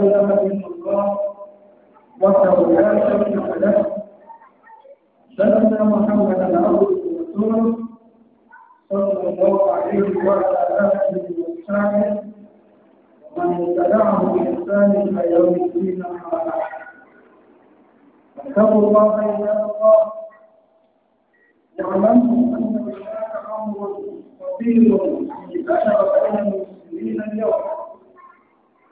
إله إلا الله وحده لا شريك له سيدنا محمدا عبده ورسوله صلى الله عليه وعلى آله وصحبه ومن اتبعه بإحسان إلى يوم الدين أما بعد الله يا الله اعلموا أن الله أمر خطير في بشر بين المسلمين اليوم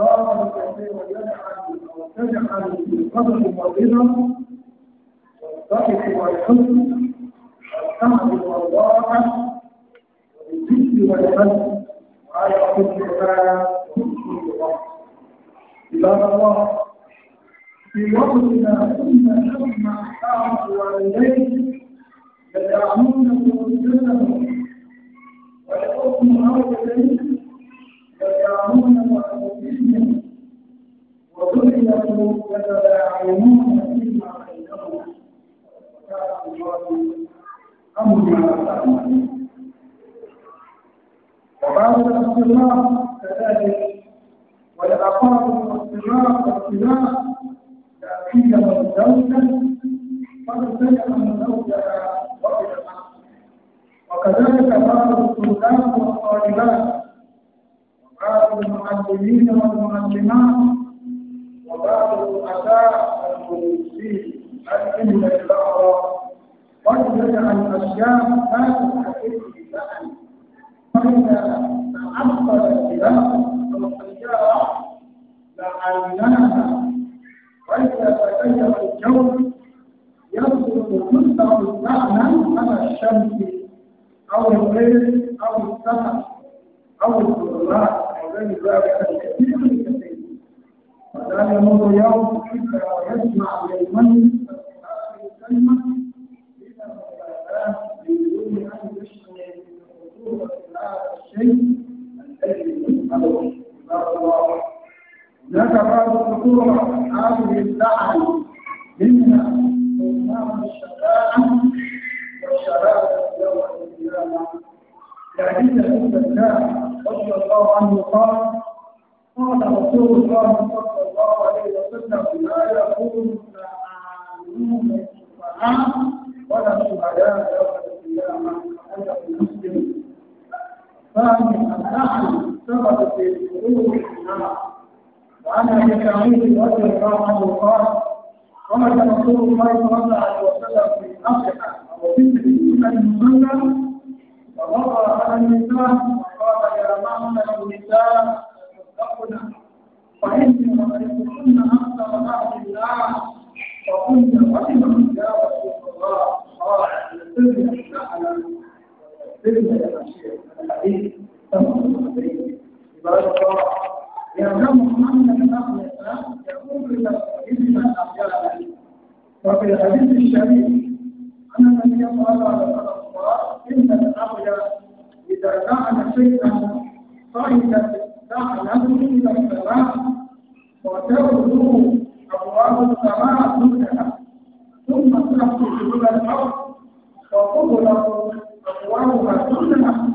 صار الكثير يجعل أو تجعل في قدر مريضا والضحك والحزن والسعد والراحة والجد والحزن على كل حال وكل وقت عباد الله في وقتنا كنا نسمع بعض والديه يدعون وجودهم ويحكم على يدعون وعليهم وذريته يتلاعبون فيما بينهم وكان الله أما تعملون وبعد الاختلاف كذلك والعقاب والاختلاف والاختلاف لكنه الزوجة قد سلم زوجها وبالعقل وكذلك بعض الطلاب والطالبات وبعض المعلمين والمعلمات وبعض أتاء المنسي أن إن البحر وجد عن أشياء ما تحقق بمعنى فإذا تعطل الكلام والسيارة لعناها وإذا تغير الجو يصدر مصدر المعنى على الشمس أو الليل أو السماء أو الظلمات أو غير ذلك الكثير ولا يمر يوم إلا ويسمع يوما كلمة إلى مبالاة بدون أن يشعر بخطورة هذا الشيء الذي يسأله الله هناك بعض الخطورة هذه اللعن منها أمام الشفاعة والشهادة يوم القيامة يعني عند الله رضي الله عنه قال قال رسول الله صلى الله عليه وسلم لا يكون العالمون شفعاء ولا شهداء يوم القيامة أنه مسلم ثاني النعم سبب في قلوب النار وعن ابي سعيد رضي الله عنه قال خرج رسول الله صلى الله عليه وسلم في أفريقيا أو مثل من المصلى ومر على النساء وقال يا معشر النساء فقلنا فإني رأيتكن أكثر أهل النار فقلت رحمك جاء رسول الله قال يسرني الشعل ويسرني المشيئة الحديث متفق عليه عباد الله يعلم أن الأخلاق يقول إلى الإنسان أحيانا وفي الحديث الشريف أن النبي صلى الله إن الأغيار إذا كان شيئا صعد تعلم إلى السماء وتبدو أبواب السماء كلها ثم تخرج إلى الأرض وتغلق أبوابها كلها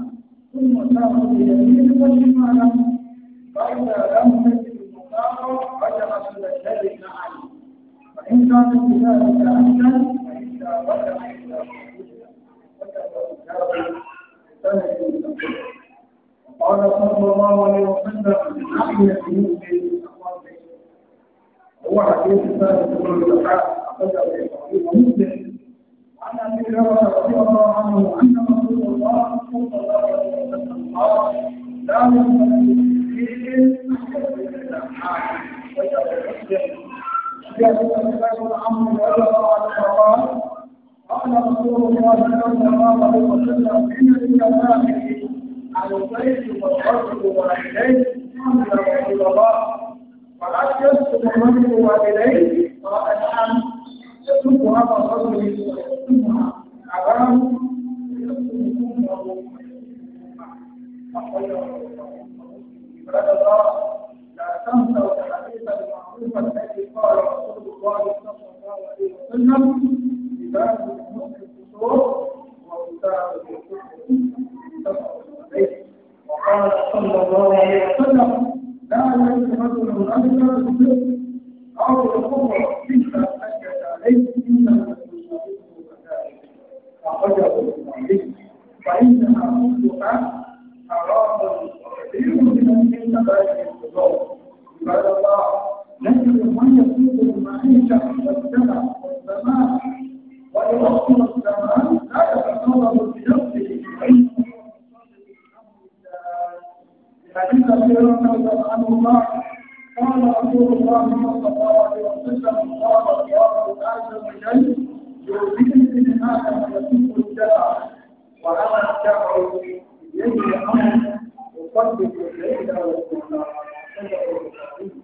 ثم تأخذ يمين وشمالا فإذا لم تجد المطاعة فجعل الذي عليه فإن كانت بذلك أحسن فإذا وجد فإذا وجد فإذا وجد قال صلى الله عليه وسلم نحية المؤمن هو حديث ثابت بن الزكاة أخرجه إبراهيم ومسلم وعن أبي هريرة رضي الله عنه أن رسول الله صلى الله عليه وسلم قال لا يؤمن فيه قال رسول الله صلى الله عليه وسلم إن الكفاح عن الخير والفضل واليه الحمد لله الله وقد يسلم منه واليه قال نعم يسلمها فضله ويسلمها عوام عباد الله لا تنسوا الحديث المعروف الذي قال رسول الله صلى الله عليه وسلم عباد المسلم قصور وكتاب الكفر وقال صلى الله عليه وسلم لا يجوز رجل أجر الصدق أو الكفر إلا أن يتعلم إلا أخرجه البخاري فإنها كلها حرام كثير من الكبائر الكبار عباد الله نجد من يسوق المعيشة والسنة والزمان ويوصل الزمان لا يتصور بنفسه فإن خير من قرآن الله قال رسول الله صلى الله عليه وسلم قال الله تعالى شيء يؤذيني من هذا ويسوق الدفع وأنا أدفع إليه أمر أصدق الليل والنهار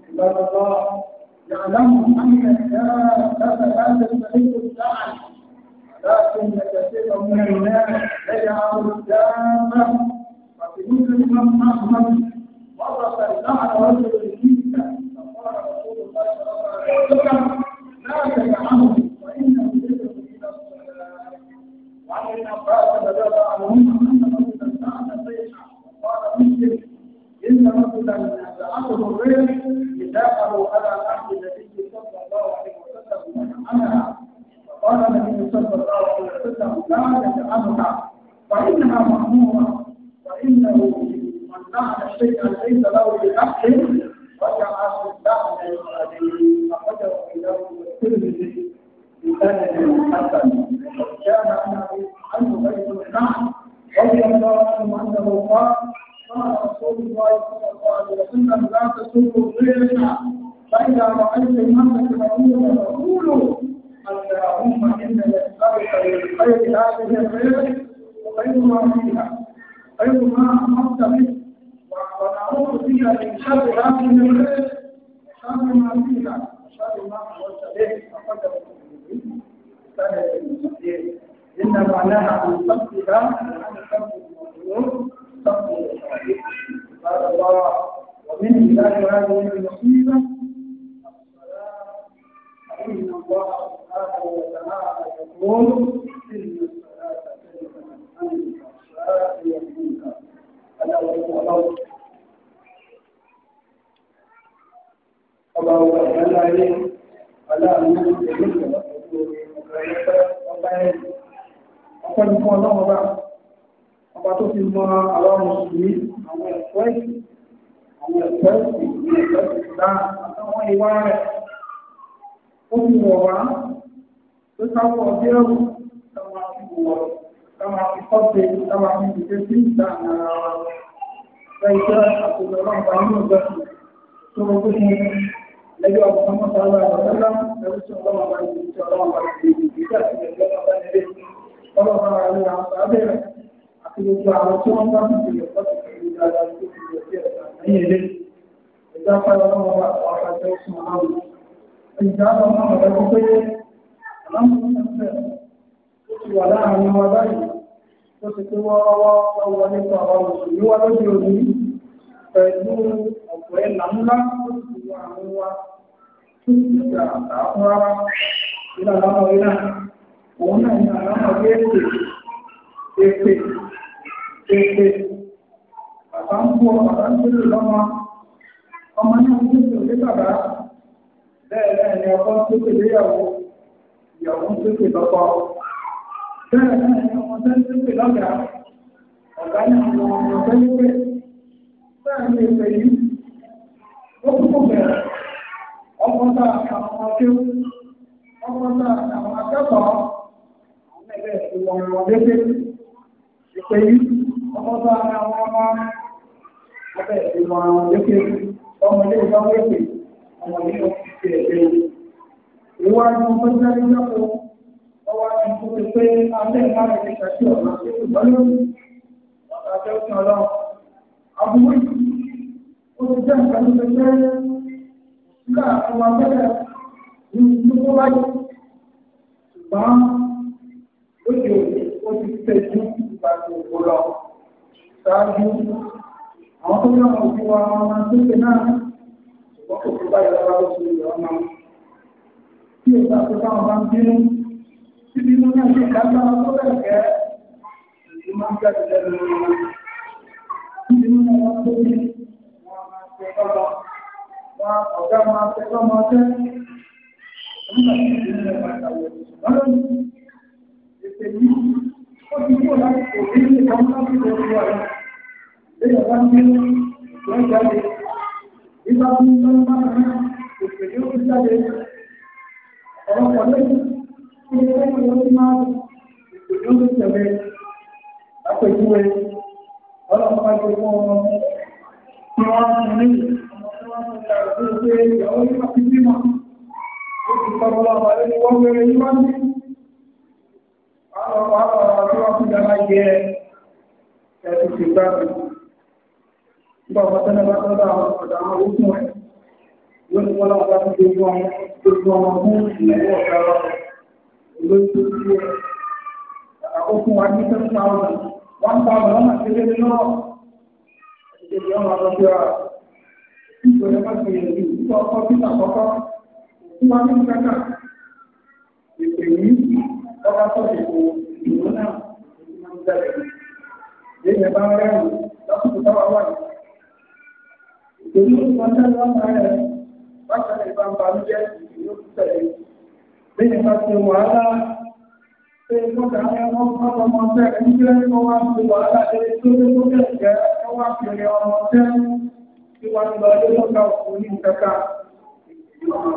عباد الله يعلم أن الكافة لا تستحق الدعم لكن كثير من الناس لا يعلم فبنوز الإمام أحمد وضع الزعل رجل الكنيسة فقال رسول الله صلى الله عليه وسلم fi ẹrù táwọn fi wọ̀ táwọn fi kọ́pẹ́ táwọn fi dìde sí ìta ara wa lẹ́yìn àtòjọ ọlọ́pàá nínú ìjọsìn tó mọ pé mo lẹ́yìn ọ̀pọ̀ ọmọ sáárà àbọ̀tẹ́lá ẹ̀rú sí ọlọ́pàá yìí sí ọlọ́pàá yìí ìgbésẹ̀ àti ìgbésẹ̀ ọlọ́pàá yìí ọlọ́pàá yìí àti gbogbo àwọn tí wọ́n bá ń bèèrè fọ́tò pẹ̀lú dáadáa tó fi lè fi ẹ̀sà lẹ́yìn ilé ìjà fẹ́ ọlọ́wọ́ àwọn afẹ́fẹ́ sùn àwọn ìjà lọ́wọ́ àwọn ẹ̀kọ́ pé láwọn ẹgbẹ́ tó ti wà láàrin wa báyìí tó ti pé wọ́ọ́rọ́wọ́ lọ́wọ́ nípa àwọn mùsùlùmí wa lóde òní pẹ̀lú ọ̀pọ̀ ẹ̀là ńlá tó ti wà àwọn wa tó ti gbà àtàkùn rárá nígbà láwọn ilá òun náà ní àlámọ̀ bí èpè èpè èpè àbámbó àbámbélé lọ́mọ ọmọ náà ń gbèsè òní bàbá bẹ́ẹ̀ bẹ́ẹ̀ ni ọkọ tó tẹ̀lé ìyàwó ìyàwó ń pèpè lọ́kọ́ bẹ́ẹ̀ náà ni ọmọ tẹ́ ń pèpè lọ́gà ọ̀gá ní àwọn ọmọ tẹ́ ń pè bẹ́ẹ̀ ni èpè yìí ó kúkú bẹ̀rẹ̀ ọkọ̀ tá àwọn ọmọ kéwú ọkọ̀ tá àwọn akẹ́kọ̀ọ́ àwọn ẹgbẹ́ ìwọ̀n ìwọ̀n dédé ìpè yìí ọkọ̀ tá àwọn ọmọ abẹ́ ìwọ̀n ìwọ̀n dédé ọmọdé ìwọ̀n dédé ọmọdé ìwọ̀n dédé ìwádìí ọmọ ìdájọ́ lọ́pọ̀ ọwọ́ ti kú ti pé abẹ́ ìbára ẹni ṣàṣì ọ̀la tó ti wọlé ọ̀tàjọ́ ti ọ̀la àbúrò ó ti jẹ́ nǹkan tó ti pé nígbà tó wà bẹ́ẹ̀ ní ìlú tó wáyé ṣùgbọ́n lóde òde ó ti tẹ̀jú ìbàdàn òkú lọ ṣáájú àwọn tó yọ ọmọ òbí wa ọmọ tó ṣe náà ṣùgbọ́n kò tó báyìí lọ́wọ́ ló ti yọ ọmọ tí o bá tó bá ń bínú títí inú náà ṣe lágbára tó bẹ̀rẹ̀ kẹ́ ìlú máa ń jáde lẹ́nu wọn títí inú náà wọ́n tó bí wọ́n máa ṣe lọ́wọ́ wọn ọ̀gá máa ṣe lọ́mọ ọtẹ́ nígbà tí ìlú náà máa ṣàwọ̀ wọ́n lọ́nà ètè yìí ó ti kúrò láti kò ní ilé kan láti lọ sí ọ̀la lẹ́yìn ọ̀gá ń bínú wọ́n jáde ìgbà tó ń lọ́wọ́ bá kan náà òṣèlú ó ti jáde Orang kafir tidak akan menerima itu sebagai apa itu? Orang kafir mau tuan ini, tuan itu jauh lebih terima. Kita Allah balik uang dari iman. Kalau apa tuan tidak lagi, jadi kita. Bapak tanah bapak dah, dah usung wọ́n ti wọ́n bá ti gbogbo ọmọ gbogbo ọmọ fún ìyàwó ọ̀gá wa olóyún tó ti yẹ àkókò fún wa ní ten thousand one thousand ọmọ àtẹ́lẹ́ ní lọ́wọ́ àti ìdí ọmọ àtọ́jú wa nígbà bákan náà ìbá ń banújẹ́ ìlú tẹ̀lé bí ní ká ṣe wàhálà ṣe kódà ní wọn bá ọmọ tẹ nígbà tí wọn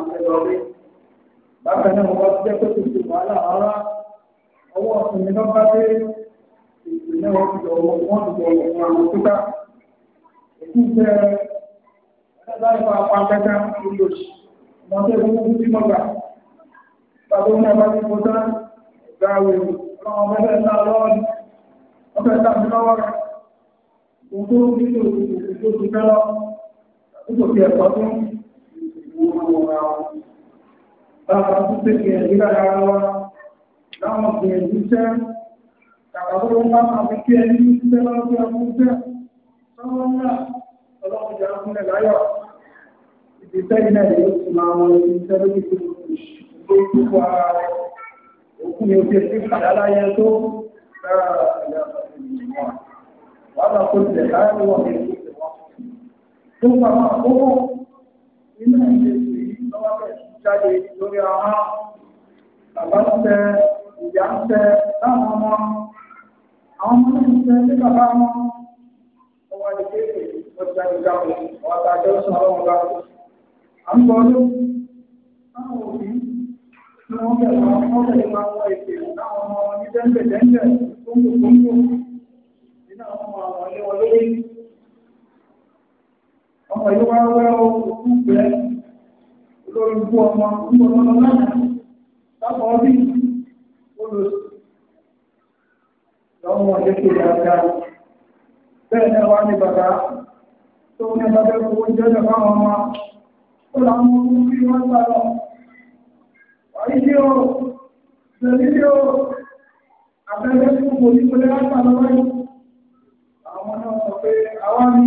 láti máa pa kẹta lórí òsì ọmọ tó ẹgbẹ́ gbogbo tí mo gbà tàbí ọmọ ọba tí mo tán gba àwẹ̀ ọmọ ọmọ ẹgbẹ́ náà lọ́wọ́ ni wọ́n fẹ́ tà mí lọ́wọ́ rẹ̀ mo tó nílò ọlọ́run jẹ́ àkúnlẹ̀ láyọ̀ ibi sẹ́yìn náà yóò ti máa wọn ibi iṣẹ́ lórí ti gbé púpọ̀ ara rẹ̀ òkú ni o ti fi padà láyé tó lára ìyá wàá bá kó tilẹ̀ láyé wọ̀ ní ìlú ìwọ̀n tó ń pamọ́ àkókò nínú ìṣèlú yìí lọ́wọ́ bẹ̀rẹ̀ sí jáde wọ́n ti kéèké wọ́n ti dájú dáhùn wọ́n ta jẹ́ sùn ọlọ́run bá. à ń bọ̀ ọdún táwọn òbí tí wọ́n bẹ̀rẹ̀ wọn wọ́n bẹ̀rẹ̀ máa wọ ètè táwọn ọmọ wọn ní dẹ́ńdẹ̀dẹ́ńdẹ̀ tó ń gbogbo ń gbòó nínú àwọn ọmọ àwọn ilé wọn lórí. ọmọ yìí wá wẹ́ òkú bẹ́ẹ̀ lórí bú ọmọ ń bọ̀ náà lápá ọdún olùsọ lọ́wọ́ ọdún tó dáadáa bẹ́ẹ̀ náà wá ní bàbá tó ní bàbá kò ń jẹ́ lọ́wọ́ àwọn ọmọ ó là ń mú bí wọ́n sá lọ. Àyíké o, lèlílé o, àbẹ̀rẹ̀ fún kò ní pẹ̀lẹ́ láta lọ́wọ́ yìí. Àwọn náà sọ pé àwa ni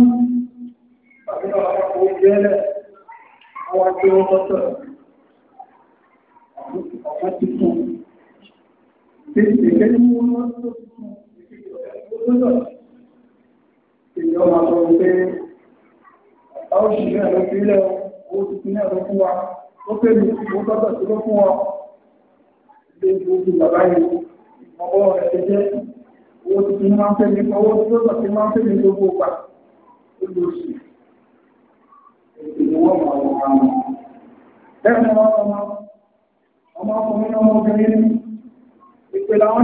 bàbá àwọn kò ń jẹ́ lẹ̀, àwa tí wọ́n sọ̀ ọ̀pọ̀ ti fún un. Tètè kẹ́ni mú wọn lọ́wọ́ tó fún un, èyí ọmọ sọ pé ọ̀hún ṣìṣẹ́ ló fi lẹ́ owó tuntun náà ló fún wa ó pè mí owó tọ́tọ̀ sí ló fún wa ilé ìgbòho bàbá yìí ọwọ́ rẹ̀ jẹ́ owó tuntun máa ń fẹ́ mi owó tọ́tọ̀ sí máa ń fẹ́ mi gbogbo ó máa wọ̀ bẹ́ẹ̀ ni wọ́n ọmọ ọmọbìnrin ìpè làwọn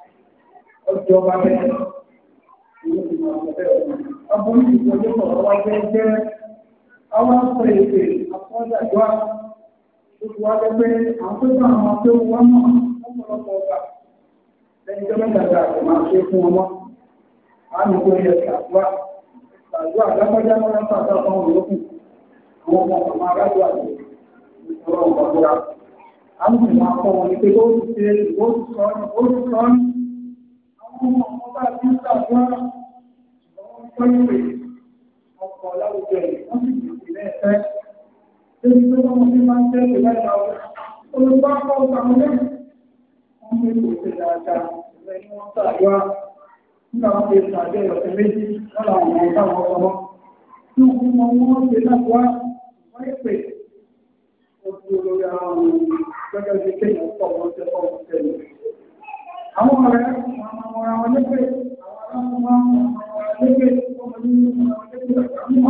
ọjọ́ ọba bẹ́ẹ̀ ọkùnrin ìgbọ́jọ́ ọ̀rọ̀ wa jẹ́ jẹ́ àwọn ọ̀sẹ̀ èdè àkọ́jàdúrà gbogbo wa pẹ́pẹ́ àkójọ àwọn akéwù wa náà lọ́pọ̀lọpọ̀ ọgbà lẹ́yìn tó kò máa ṣe fún ọmọ ṣàdúrà ṣàdúrà nínú ọmọ àwọn ọ̀rẹ́ àwọn ọmọ ara wọn lẹ́gbẹ̀ẹ́ àwọn aráàlú máa ń mọ àwọn ọmọ ara lẹ́gbẹ̀ẹ́ ọmọ nínú ọmọ ara lẹ́gbẹ̀ẹ́ àtàwọn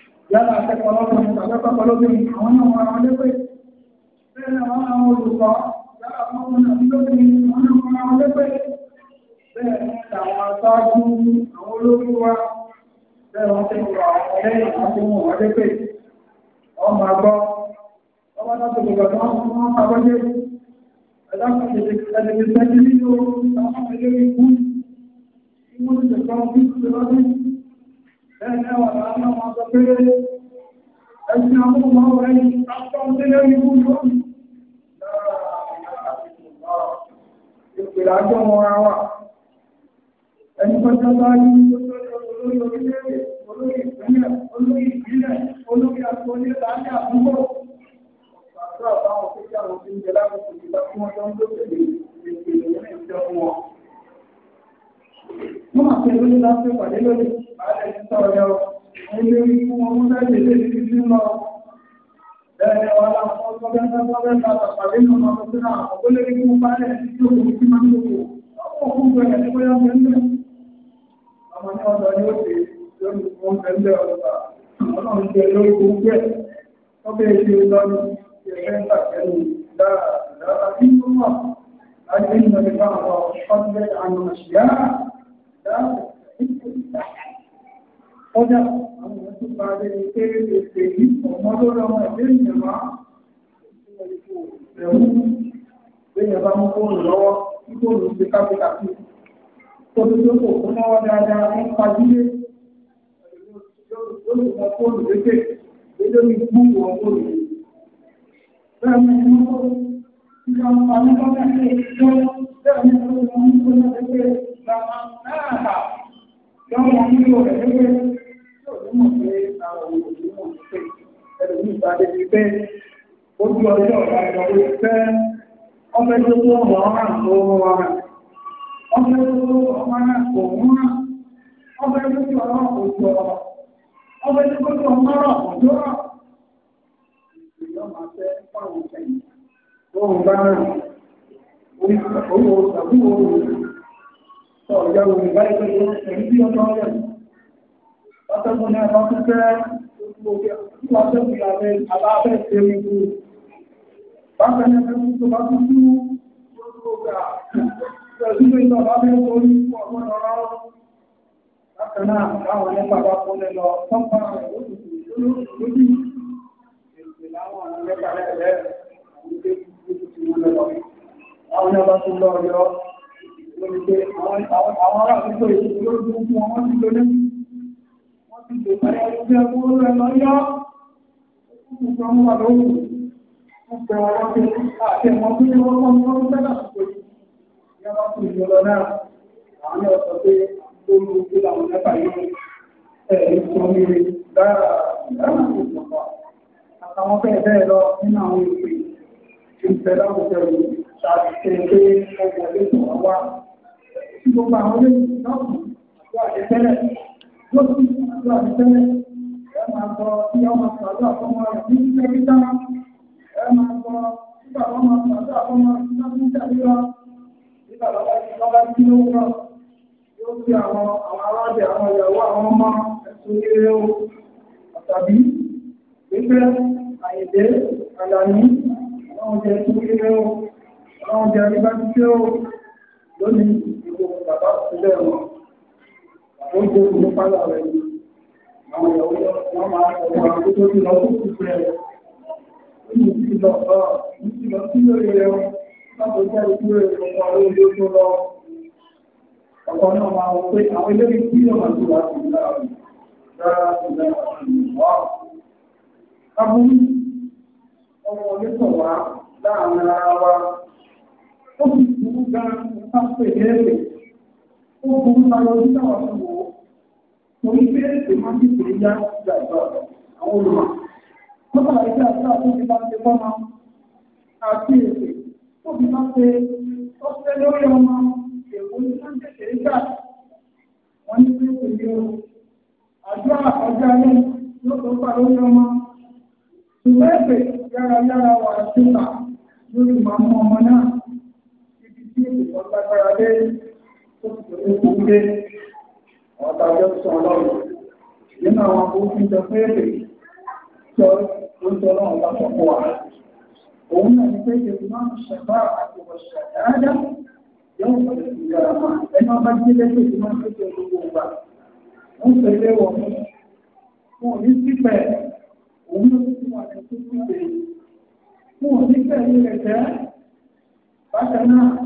yálà akẹ́kọ̀ọ́ lọ́kùnrin tàbí akẹ́kọ̀ọ́ lóbìnrin àwọn náà wọn àwọn lépè bẹ́ẹ̀ ni àwọn àwọn olùkọ́ yálà ọkùnrin àti lóbìnrin àwọn náà wọn àwọn lépè bẹ́ẹ̀ ni àwọn aṣáájú àwọn olórí wa bẹ́ẹ̀ wọ́n ti wọ àwọn Ẹ̀ẹ́dẹ́ wà láàrín ọmọ ọ̀sọ̀ pé ẹ̀sìn àwọn ọmọ ọ̀rẹ́ yìí, àpọ̀ ọ̀sẹ̀ lórí ikú yóò ní. Ìpìlẹ̀ àjọ ọmọ ara wà. Ẹni pẹ́jọ́ bá ní olórí orílẹ̀-èdè, olórí ìpínlẹ̀, olórí ìpínlẹ̀, olórí àtúnṣe láti àdúgbò. Àtúrà báwọn tó jẹ́ àwọn tó ń jẹ lákòókò ìgbà tí wọ́n jọ ń lò pẹ̀lú ìpìlẹ̀ ìjọ wọn wọ́n máa fẹ́ lórí láti pàdé lórí ààrẹ ìta ọ̀yà ẹni orí fún wọn mú lè fi fi lọ bẹ́ẹ̀ ọbẹ̀ Ọjà àwọn ọmọ tó bá rẹ̀ ní pé èsè yìí ọmọ lórí ọmọ ìlú ìyẹ̀wá ẹ̀wù lẹ́yìn ọba mú fóònù lọ́wọ́ tí fóònù ṣe káfíkàfí. Tóbi tó kò fún lọ́wọ́ dáadáa ń pàdílé. Lórí ọmọ fóònù lékè, lórí gbúgbù ọmọ fóònù. Bẹ́ẹ̀ ni wọ́n ń pa ní kọ́kẹ́ tàmánàhà lọ́wọ́ nílò rẹ̀ nígbẹ́ yóò ní mọ̀ pé àwọn òbí mọ̀ pé ẹlòmí ọ̀yọ́ òmìnira ẹgbẹ́ ìṣẹ́ ẹ̀rí bí ọjọ́ ọ̀rẹ́ ọ̀tọ́gbọ́n ní ẹ̀rọ tó fẹ́ Bákanáà láwọn nípa bá kó lẹ́lọ tọ́pá rẹ̀ ó ti kò lórí ìrìnlẹ̀ láwọn nípa rẹ̀ rẹ̀ àwọn ilé ìgbésí wọn lẹ́lọ. Àwọn ọba tó lọ yọ lórí pé àwọn ará àdúgbò yìí ló dún fún wọn wọ́n ti lò ní wọ́n ti lò báyà ẹgbẹ́ owó rẹ̀ lọ yọ fún ìgbà wọn wà lóhùn wọ́n pẹ̀ wọ́n wọ́n pé àti ẹ̀mọ́ tó ní wọ́n kọ́ tí gbogbo àwọn ilé ìtọ́kùn àti àdìsẹ́lẹ̀ yóò sì àti àdìsẹ́lẹ̀ ẹ máa sọ tí ọ máa sọ àdó àfọmọ rẹ ní kíkẹ́ kíkà ẹ máa sọ tí bàbá máa sọ àdó àfọmọ rẹ ní kíkẹ́ kíkà lílọ tí bàbá bá ti lọ́ba sí lówó yóò fi àwọn àwọn aláàbẹ̀ àwọn ìyàwó àwọn ọmọ ẹ̀sùn ilé o àtàbí pípẹ́ àyèdè àlàní àwọn oúnjẹ ẹ̀sùn ilé o àwọn oúnjẹ àríbájú lónìí ìwò bàbá ìpínlẹ̀ wọn wọ́n jẹ́ ìlú pálá rẹ̀ àwọn ìyàwó wọn máa ọmọ àkókò tí lọ fún ìpín rẹ̀ nínú tí lọ bá nínú lọ sí lórí rẹ̀ wọn látọ̀ jẹ́ ìlú rẹ̀ ọmọ àwọn ilé tó lọ ọ̀pọ̀ náà máa wọ pé àwọn ilé tí lọ máa tó wà sí láàrín rárá sí láàrín ọmọ onítọ̀wá láàrín ara wa ó sì burú gan-an sáfẹ́ ẹ̀rẹ́ ó burú láyọ̀ nígbà wà fún wọn mo ní pé èsì máa ń dìbò ní yá ìgbà ìgbà àwọn olùmọ̀ lọ́pàá ìgbà àti àtúnṣe bá ń ṣe fọ́nà àti èsì tó fi máa ń ṣe ọ̀sẹ̀ lórí ọmọ èwo ní sáńtẹ̀sẹ̀ ìgbà wọ́n ní pé kò yẹ o àjọ àkọjá yẹn ló tó pa lórí ọmọ ṣùgbọ́n ẹ̀fẹ̀ yára yára wà á ṣùgbà lórí màmú ọmọ náà ìwọ̀n lé tó ti tó nínú àwọn akókò jọ pé èdè oúnjẹ ọlọ́run bá sọ òun náà ní pé èdè máa ń ṣẹ̀fà àti ọ̀ṣẹ̀ dáadáa yóò pẹ̀lú ìyára máa ẹni bá gbé lẹ́gbẹ̀ẹ́ tí ń pèsè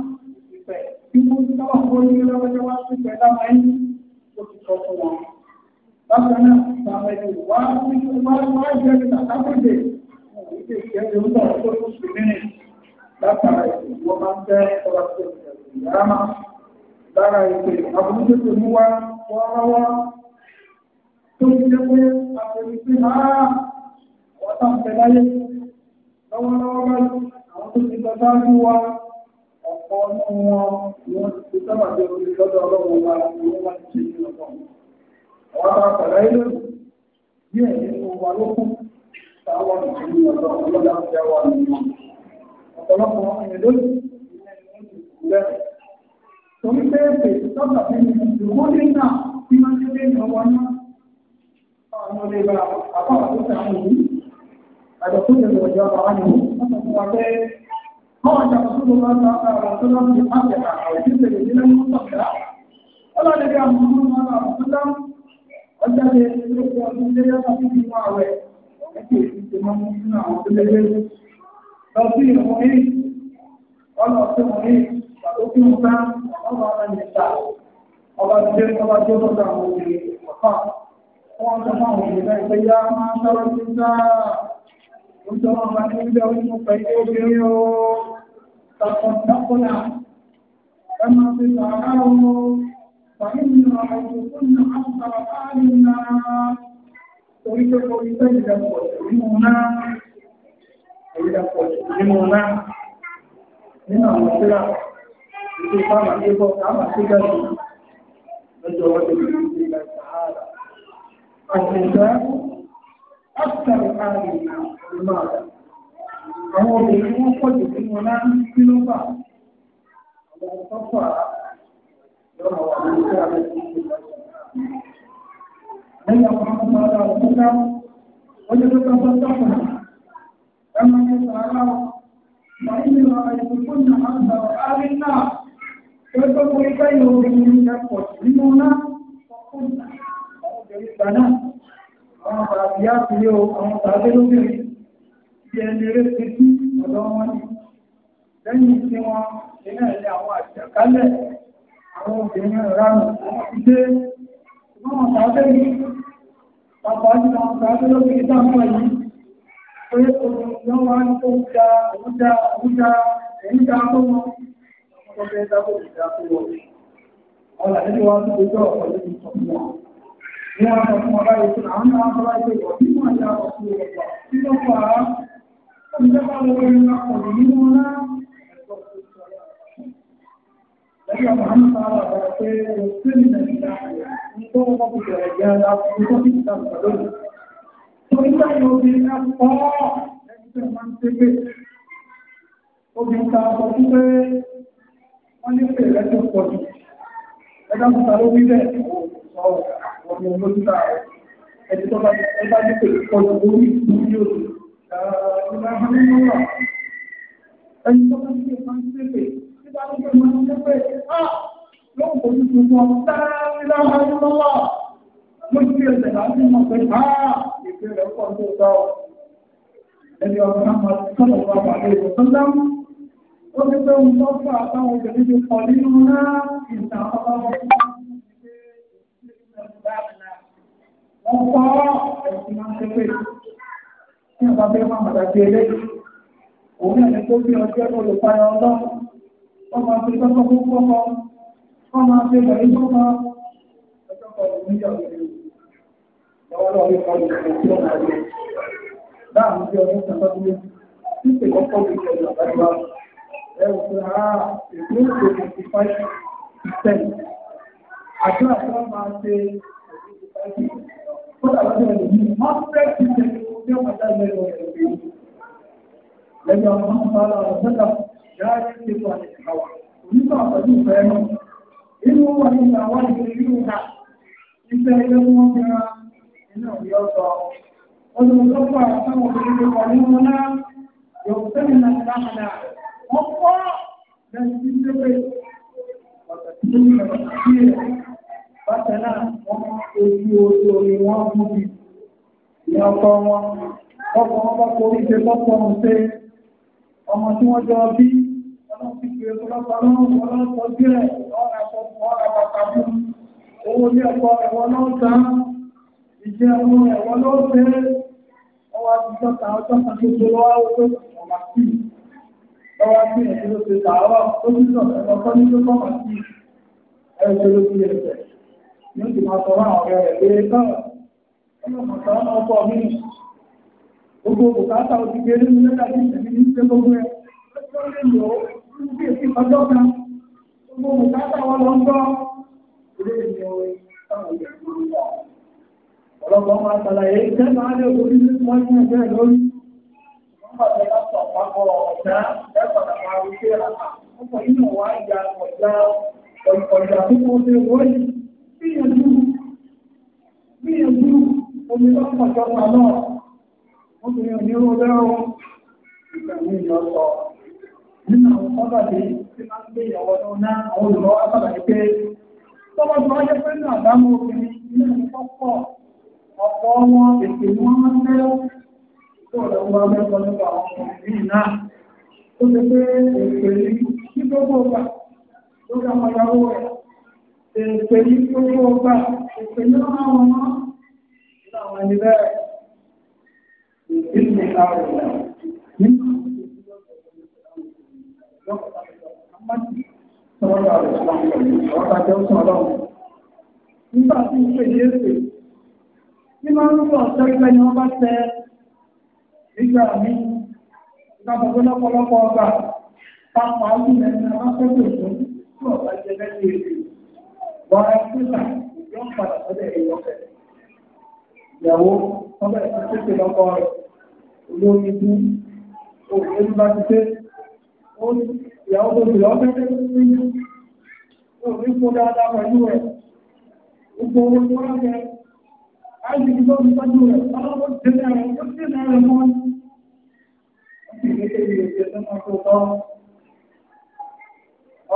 bí wọ́n ti sábà kó ní lọ́wọ́jọ́ wá sí pẹ̀lú àwọn ẹni tó ti sọ fún wọn. Bákan náà, bàbá ẹni wá sí wá wá jẹ́ ní àtàkùnjẹ, wọ́n ti ṣe ìjẹ́ ní orúkọ tó tó sùn nínú. Látara ìwọ máa ń ọ̀pọ̀ ọdún wọn ni wọ́n ti sábà jẹ́ orí lọ́dọ̀ ọlọ́run wa ni wọ́n wá ti ṣe ní ọ̀dọ̀ àwọn bá pẹ̀lẹ́ ìlú ni wọ́n ti kú lẹ́rẹ̀ torí pé èpè sábà fi ní ìdòwò nígbà tí wọ́n ti lé ìyàwó náà àwọn ọmọdé bá àbá àkókò àwọn òbí àjọkúnjẹ lọ́jọ́ àwọn ànìyàn wọ́n sọ قال رسول الله صلى الله عليه وسلم بحقها او جزء من المنتصره ولا نبي عن رسول الله صلى الله عليه وسلم والذي يترك من ليس فيه معوي لكن امام مسلم او تدريس توصيه مؤيد قال اصل مؤيد فتوصيه مسلم وقضى عن النساء وقال جل وقال جل وقال وقال تفاهم لذلك يا معشر النساء كنت الله عليه وسلم فإن أبيه تصدقنا كما تتعاونوا فإن رأيتكن أكثر أهلنا تريد قريبا إذا تسلمونا إذا تسلمونا من المصيرة Ìjọba àwọn akẹ́kọ̀ọ́ àwọn akẹ́kọ̀ọ́ lọ́jọ́ ọdún ìgbìyànjú ìgbàláàrá. Àṣìṣẹ́ ọ̀sẹ̀ àárín ìgbìmọ̀ rẹ̀ àwọn obìnrin wọ́n pọ̀ jù fún wọn láti kí ló bà àwọn sọ́fà lọ́wọ́ àwọn ìṣẹ́ àbẹ̀ lẹ́yìn àwọn akọ́kọ́ta òkúta ó jẹ́ pípa tó sọ́fà ẹ máa ń sọ ara wọn. Màá ń lọ àìsàn fún ìyàwó àgbà árí náà. Ó tó kó ipá ìlú obìnrin ẹ̀pọ̀ nínú náà. Ọkùnrin àwọn obìnrin gbà náà. Àwọn àbíyá ti o, àwọn tàbí lóbìnrin tí ti kú ọ̀dọ́ wọn ni lẹ́yìn tí wọn iná ẹ̀lẹ́ àwọn àjàkálẹ̀ àwọn obìnrin ránù ilé ìmọ̀ràn tàbí yìí pàpà nínú àwọn tàbí lóbi ìtàkùn yìí pé olùdó wa ń tó da òúdá èyí dá tó wọn ọmọ bẹ́ẹ̀ dábò ìdá tó wọ ọlà nínú wa tó dojú ọ̀pọ̀ lórí sọ fún wọn ní wọn sọ báyìí tó àwọn náà sọ láti wọ nínú àjà ọ̀pọ̀ tí ló fà á Obìnrin ta sọ fún pé wọ́n ní pè rẹ̀ tó pọ̀ jù. Ẹgbẹ́ mọ́ta ló wí bẹ́ẹ̀ ọ̀pọ̀ ọmọ olóṣìṣà rẹ̀. Ẹni tó bá ní pè pọ̀ jù orí ìlú yóò ẹni tó máa ń ṣe máa ń ṣépè nígbà tó máa ń ṣépè á lóun kò ní tuntun ọ̀hún sára nílá ọdún lọ́wọ́ mo ti fi ẹsẹ̀ láti mọ̀ pé á ìpè rẹ̀ pọ̀ tó tọ́ ẹni ọ̀rọ̀ náà máa ti sọ̀rọ̀ wá pàdé ìwòsàn dáhùn ó ti tí ọba fẹ́ máa pàtàkì eléyìí òun náà ní kó bí ọjọ́ olùpayọ ọlọ́run wọ́n máa fi tọ́kọ́ púpọ̀ kọ́ wọ́n máa fi bẹ̀rẹ̀ tó kọ́ ọjọ́ kan òun níjà lọ́wọ́lọ́wọ́ ní kọ́ ìṣẹ̀lẹ̀ tí ó máa bí ọdún kan tọ́jú lé tí pè kọ́kọ́ fi ṣẹlẹ̀ ẹ̀rù pé ara ìpín ìpè twenty five wọ́n máa ṣe kódà lọ́dún ẹ̀lòmíì hundred percent يوم تأمل ويربيه لأن الله تعالى وسلم لا يملك عن الحوى ونبع قدوم فيهم إنه هو إلا واحد يريدنا إلا إلى الموقع إنه يرضى ولمتوقع سوى بإذن قانوننا يغتنم الأعلى وقوى لن تنتبه وتتمنى وتسير فتنا وقت الجوع والمواقف ní ọkọ wọn ọkọ wọn bá kó oríṣẹ́ tọ́pọ̀ ń pé ọmọ tí wọ́n jọ bí ọlọ́run ti fi ètò lọ́pàá lọ́rùn ọlọ́run sọ sílẹ̀ ọ̀rọ̀ àpapọ̀ ọ̀rọ̀ àpapọ̀ fún owó ní ẹ̀kọ́ ẹ̀wọ̀n náà tán ìjẹ́ ọmọ ẹ̀wọ̀n náà tẹ́ ọwọ́ ti tọ́ta ọjọ́ kan tó tó lọ́wọ́ ó tó ọ̀mà sí ọwọ́ sí ẹ̀sẹ̀ ló ti tààrọ̀ ó ti sọ ẹ̀kọ́ tó ní tó kọ́mà sí ẹ̀sẹ̀ ló ti ẹ̀sẹ̀ ní Gbogbo bùkátà òtí gẹ́rẹ́ ní lẹ́ta ní ìṣẹ̀lẹ̀ ní ṣe gbogbo ẹ̀. Lọ́jọ́ lè lọ, ó ń gbé sí ọjọ́ kan. Gbogbo bùkátà wọn lọ ń gbọ́. Ilé ìjọ ìtàwọn ìyẹ̀wò. Ọlọ́pàá máa ṣàlàyé ìṣẹ́ máa lé orí ní wọ́n ní lórí. Wọ́n pàṣẹ láti omi tó ń pàtàkì náà wọ́n ti ní onírú lẹ́rọ ìgbàmí ìyọ́sọ nínú àwọn sábàdé tí máa ń gbé ìyàwó tó ná àwọn olùrọ̀ sábàdé pé tọ́wọ́ tó wáyé pé ní àdámọ́ obìnrin ilé ní pọ́pọ̀ ọ̀pọ̀ wọn ètè ni wọ́n máa ń tẹ́ tó rẹ̀ wọ́n máa ń tọ́ nípa àwọn ọmọbìnrin náà tó ṣe pé ètè ní ní gbogbo ọgbà lórí àwọn ìyàwó rẹ̀ ètè ní gbogbo ọgbà ètè ní wọ́n máa wọn máa àwọn ẹni bẹ́ẹ̀ ìdílé àwọn ìlà nínú Nígbà tí ń pè ní èsè, ní máa ń rúgbọ́ ọ̀sọ́ ìgbẹ́ ni wọ́n bá tẹ nígbà mí, ìgbàgbogbo lọ́pọ̀lọpọ̀ ọgbà, pápá ọdún ẹni abáfẹ́kọ̀ọ́ fún tí ọ̀bá jẹ lẹ́yìn èsè, wọ́n á pèsè ìjọ́ padà sọ́dẹ̀ ìwọ́fẹ́ ìyàwó wọ́n bẹ̀rẹ̀ sí tètè lọ́kọ rẹ̀ olórí ibú òṣèlú bá ti dé ìyàwó tó ti lọ́ọ́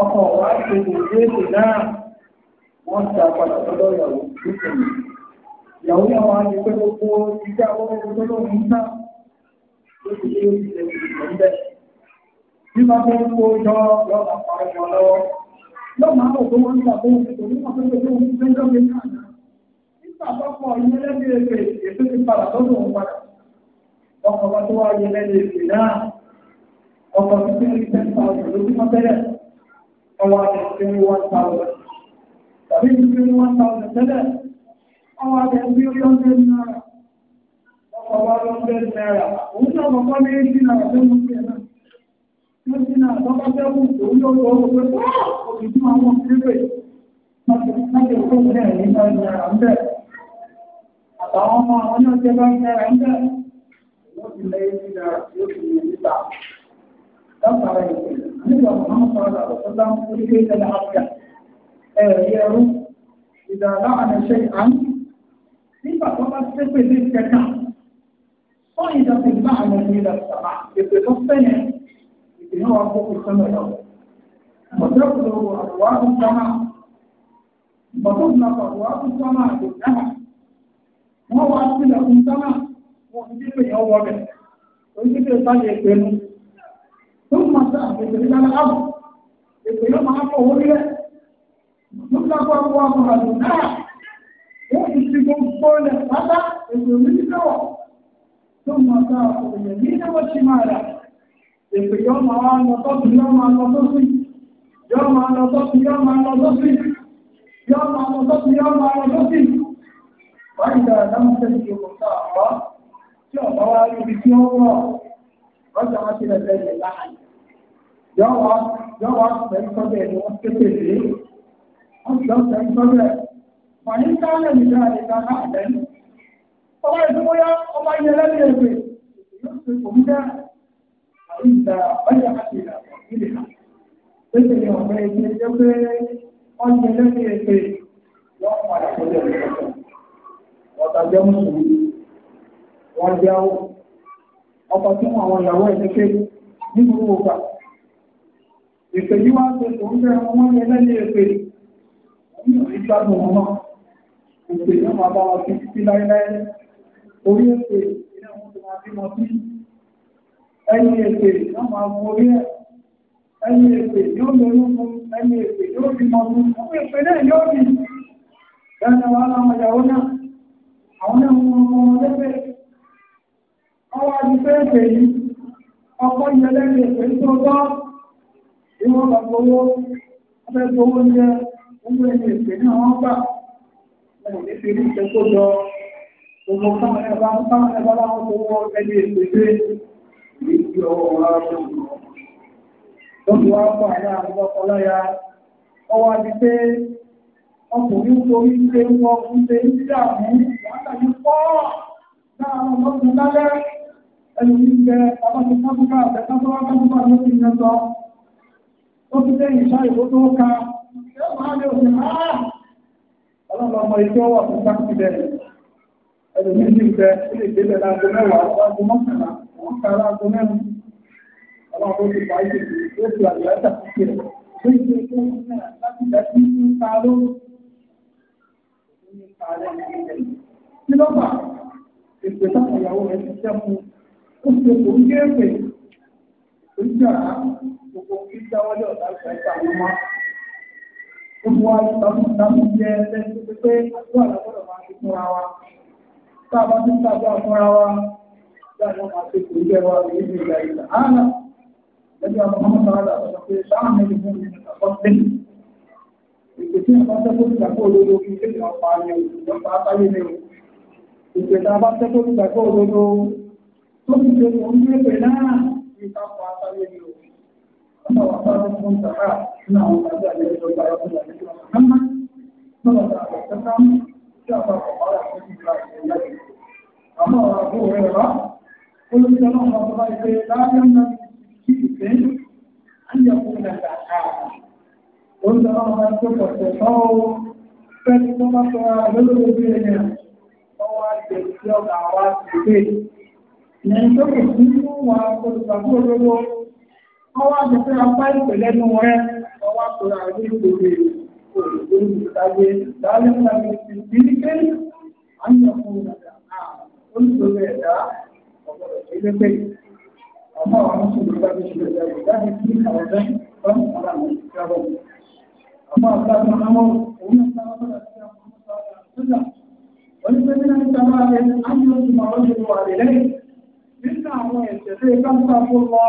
ọkọ̀ wa ṣe kò dé èdè náà wọ́n ti àpàtàkọ́ lọ́yàwó nítorí ìyàwó náà wá ní pé gbogbo iṣẹ́ akọ́kọ́ tó lóun ń ná ló ti ṣe ìṣẹ̀lẹ̀ ìṣẹ̀lẹ̀ bí wọ́n fẹ́ kó jọ lọ́wọ́ àpárẹ̀ wọn lọ́wọ́ lọ́wọ́ máa ń òkú tó ń fi tòun nígbà tó ń fi ní ẹjọ́ nígbà tó kọ ilé lẹ́bí èpè èso ti padà tó lòun padà ọkọ̀ bá tó wá ilé lẹ́bí èpè náà ọkọ̀ tó ti rí ten thousand lójúmọ́ tẹ́lẹ̀ ọwọ́ àti ìṣẹ́ one thousand tàbí ìṣẹ́ one thousand tẹ́lẹ̀ ọwọ́ abẹ mílíọ̀nù náírà ọkọ̀ wa lọ́dẹ náírà òun náà kọ́kọ́ ní eighty náírà tó mú bẹ́ẹ̀ náà eighty náírà tó bá fẹ́ kù òun yóò lọ òun pé òbí tí wọn mọ̀ níbẹ̀ láti kó ní ẹ̀yìn náà náírà ń bẹ̀ àtàwọn ọmọ àwọn náà jẹ́ bá náírà ń bẹ̀ wọ́n ti lẹ́ eighty náírà yóò fi yẹn níta látara ìpè nígbà mọ̀nà sọ̀rọ̀ àtọ̀tọ̀ dáhùn orílẹ̀-èdè náà ẹ̀rí ẹ̀rú ìdàlá àná ṣe à ń nígbà tó bá ṣépè ní kẹta wọ́n dàbí bá àwọn ẹni rẹ̀ sàmà èpè tó fẹ́yẹ èpè náà wà kó sọ́nà lọ. Bọ̀dọ̀ kò àbúwá tó sọ́mà bọ̀dọ̀ kò àbúwá tó sọ́mà àti ìdáhà. Wọ́n wá sọ́mà wọ́n ti pè bẹ̀. Tó ń wọ́n ti ti gbogbo pátá ètò ìlú lọ́wọ́ tó mọ̀ ká òyìnbó ní ẹ̀wọ́ ti máa rà èpè yọ máa wá lọ tọ́sí yọ máa lọ tọ́sí yọ máa lọ tọ́sí yọ máa lọ tọ́sí yọ máa lọ tọ́sí yọ máa lọ tọ́sí. báyìí dára dáhùn sẹ́yìn tó kọ̀ sáà wá tí ọ̀pá wá rí ibi tí ó wọ̀ ọjà wọn ti lẹ́sẹ̀ lè láàyè. yọ wá yọ wá pẹ̀lú wàyí káàlẹ̀ nìkan àdìgbà náà lẹ́nu. ọba ìdúgbòyá ọba yẹn ẹgbẹ́ yóò ṣe kò ní dá àyè ìdá ọjà àti ìdá ìdè náà. pèsè ní ọ̀pẹ ẹgbẹ́ jẹ́ pé ọjà lẹ́nu ẹgbẹ́ yóò padà sórí ẹgbẹ́ ọ̀tà jẹ́ mùsùlùmí wọ́n jẹ́ ọkọ̀ tí àwọn ìyàwó ẹ̀ ní ní gbogbo ọgbà ìpèníwá ṣe tó ń bẹ́ẹ̀ wọ́n yẹ lẹ́nu ẹgbẹ́ òun yóò rí òkè náà máa bá wọn fi títí láéláé orí ètè ìpínlẹ̀ wọn ti máa bímọ sí ẹ̀yìn ètè náà máa mú orí ẹ̀ ẹ̀yìn ètè yóò lóyún fún ẹ̀yìn ètè yóò bímọ fún ọmọ ètè náà yóò bì lẹ́nu wa láwọn ìyàwó náà àwọn náà wọn ọmọ lẹ́fẹ̀ ọwọ́ adúgbò ètè yìí ọkọ̀ ìyẹlẹ́rìí ètè tó tọ́ ìwọ̀n bàbá owó ọbẹ̀ tó wọ́n jẹ́ owó ẹ̀yìn ètè náà wọ́n gbà wọn ò kó jọ gbogbo káwọn ẹ̀bá káwọn ẹ̀bá láwọn tó wọ ẹni ètò ìgbé èyí ọwọ́ wọn rárá wa kọ́ àyà àwọn ọkọ̀ láyà ọwọ́ àti pé ọkùnrin torí pé wọ́n ń ṣe ń dààmú látàrí pọ́ láàárọ̀ lọ́sùn lálẹ́ ẹnu ní bẹ ọlọ́sì kápúká àbẹ kápúká ló ti yẹn sọ ó ti dé ìṣá ìwó tó ka ṣé wàá lè òṣèlú ọlọ́run ọmọ ilé ọwọ́ fún sáàkì bẹ́ẹ̀ ẹlòmíín ní ìfẹ́ ilé ìgbésẹ̀ láago mẹ́wàá láago mọ́kànlá wọ́n ka láago mẹ́rin ọlọ́run tó ti fà á ṣe yóò fi àgbà ẹ̀ta sí rẹ̀ tó ń ṣe tó ń rìn láti dájú ní ta ló ń ta rẹ̀ ní lọ́pàá ètò táwọn ìyàwó rẹ̀ ti jẹ́ fún ó ṣe kò ń gé èpè ó jà gbogbo kí dáwọ́lé ọ̀tá ìgbà ìta àwọn máa gbogbo wa ìtàkùntàkù jẹ ẹsẹ̀ tó pé àdúrà lágbọ́dọ̀ máa fi fúnra wa tá a bá ti ń tàbí àfúnra wa dáa ni wọ́n máa ṣe kò jẹ́ wa èyí ni ìgbà ìgbà ààlà lẹ́yìn àwọn ọmọ sára dà sọ pé sáà mi ni fún mi àkọ́ sí ìpè tí wọ́n tẹ́ tó gbàgbọ́ olódo kí ṣe ìwà pa ni ìwà pa sáyé ni o ìpè tá a bá tẹ́ tó gbàgbọ́ olódo tó fi ṣe òun ní ìpè náà ìta pa sáyé ni o. أما وصارت منتهى أنه قد ذلك الله رسول الله محمد صلى الله عليه وسلم شاف وقال حديث الله أما أبو هريرة قلت له الله لا ينبغي للمسلم أن يكون دعاء قلت له ما كنت تشعر فلتمت رجل بيننا فهو يجزي دعوات البيت لأن تكون منه وأقول تقول wọ́n wá ti fẹ́ra bá ìpẹ̀lẹ́ nú rẹ̀ wọ́n wá pẹ̀lú àwọn ìpèsè òṣèlú ìtàgé dálé ńlá ní ti ní pé à ń yọ fún ìdàgbà náà olùsọ̀rọ̀ ẹ̀dá ọ̀gbọ̀dọ̀ ṣe lẹ́gbẹ̀ẹ́ ọmọ àwọn sọ̀rọ̀ ìdájọ́ ṣe lẹ́gbẹ̀ẹ́ ìdájọ́ kí àwọn ọ̀dẹ́ bá ń sọ̀rọ̀ àwọn ìjábọ̀ ọmọ àgbàdo àwọn òun náà sábà bọ̀dọ̀ sí àwọn ọmọ nínú àwọn ìṣẹ̀lẹ̀ kápútàkúlọ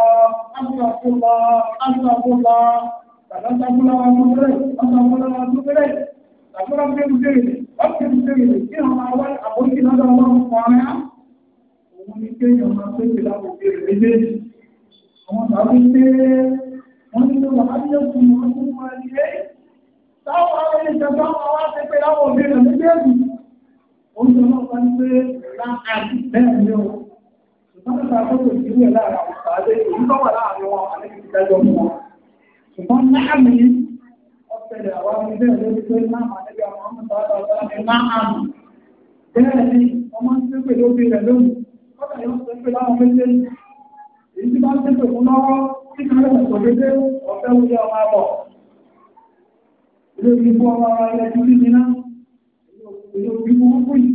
kápútàkúlọ kápútàkúlọ kàtàkúlọ wọn tó bẹ̀rẹ̀ kàtàkúlọ wọn tó bẹ̀rẹ̀ kàtàkúlọ wọn tó bẹ̀rẹ̀ wọn tó bẹ̀rẹ̀ kí àwọn àwọn àbójì lọ́dọ̀ wọn kọ́ ọ́n yá. òun ni kéèyàn máa pèsè láwọn òbèrè méjèèjì àwọn tàbí pé wọ́n ní lọ́wọ́ adéyẹ̀kùn wọn tó máa ń lé táwọn àwọn ìjọba wọn wá ṣe wọ́n tẹ́ta fótó ìdílé àwọn ìpàdé èyí tó ṣùgbọ́n náà mi àwọn ọmọ ilé ìlú ti pé máa níbi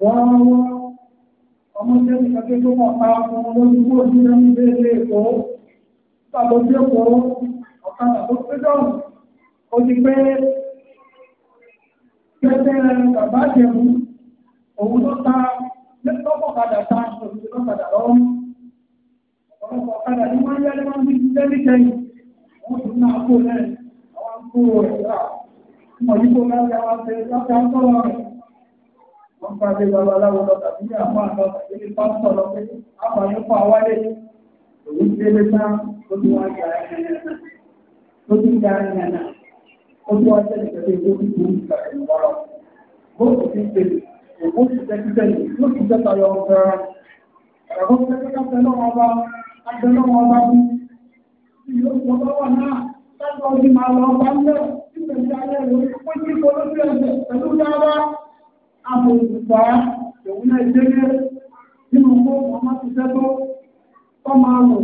wọ́n ọmọ jẹ́ ìkàkẹ́ tó mọ̀ pa ọmọ lójú kó ní ẹni bẹ́ẹ̀ lé èkó tàbí ojú èkó ọ̀kadà tó pé dọ́rùn ó ti pé pẹ́pẹ́ bàbá jẹ̀mú òun ló ta lẹ́tọ́ ọ̀kadà ta òṣèlú ọ̀kadà lọ́wọ́ ọ̀pọ̀lọpọ̀ ọ̀kadà ní wọ́n yá ní wọ́n bí lẹ́lí kẹyìn wọ́n tún náà kó lẹ́yìn àwọn kó rẹ̀ rà wọ́n yí kó lẹ́yìn àwọn àti wọ́n pàdé babaláwo lọ tàbí àwọn àlọ́ tàbí ní pásítọ̀ lọ pé àpàyàn fún àwálé òun ti lé tán ó ti wọ́n gba ẹ̀yàn tó ti gba ẹ̀yàn náà ó ti wọ́n tẹ̀lé pẹ̀lú ìwé tó ti ń gbà ẹ̀yàn lọ́rọ̀ bó ti ti tẹ̀lé òkú ti tẹ̀lé tẹ̀lé ló ti tẹ̀lé ayọ̀ ọ̀gbẹ̀rẹ̀ ẹ̀rọ pẹ̀lú káfẹ́ lọ́wọ́ ọba káfẹ́ lọ́wọ́ ọba bí ìlú ọba wà náà láti ọdún máa lọ ọba ń bẹ̀ nígbà tí alẹ́ rẹ̀ ó ti kó amòkùnfà òun náà jẹ́gẹ́ nínú fóònù ọmọ ti sẹ́tọ́ tọ́mọ àlọ́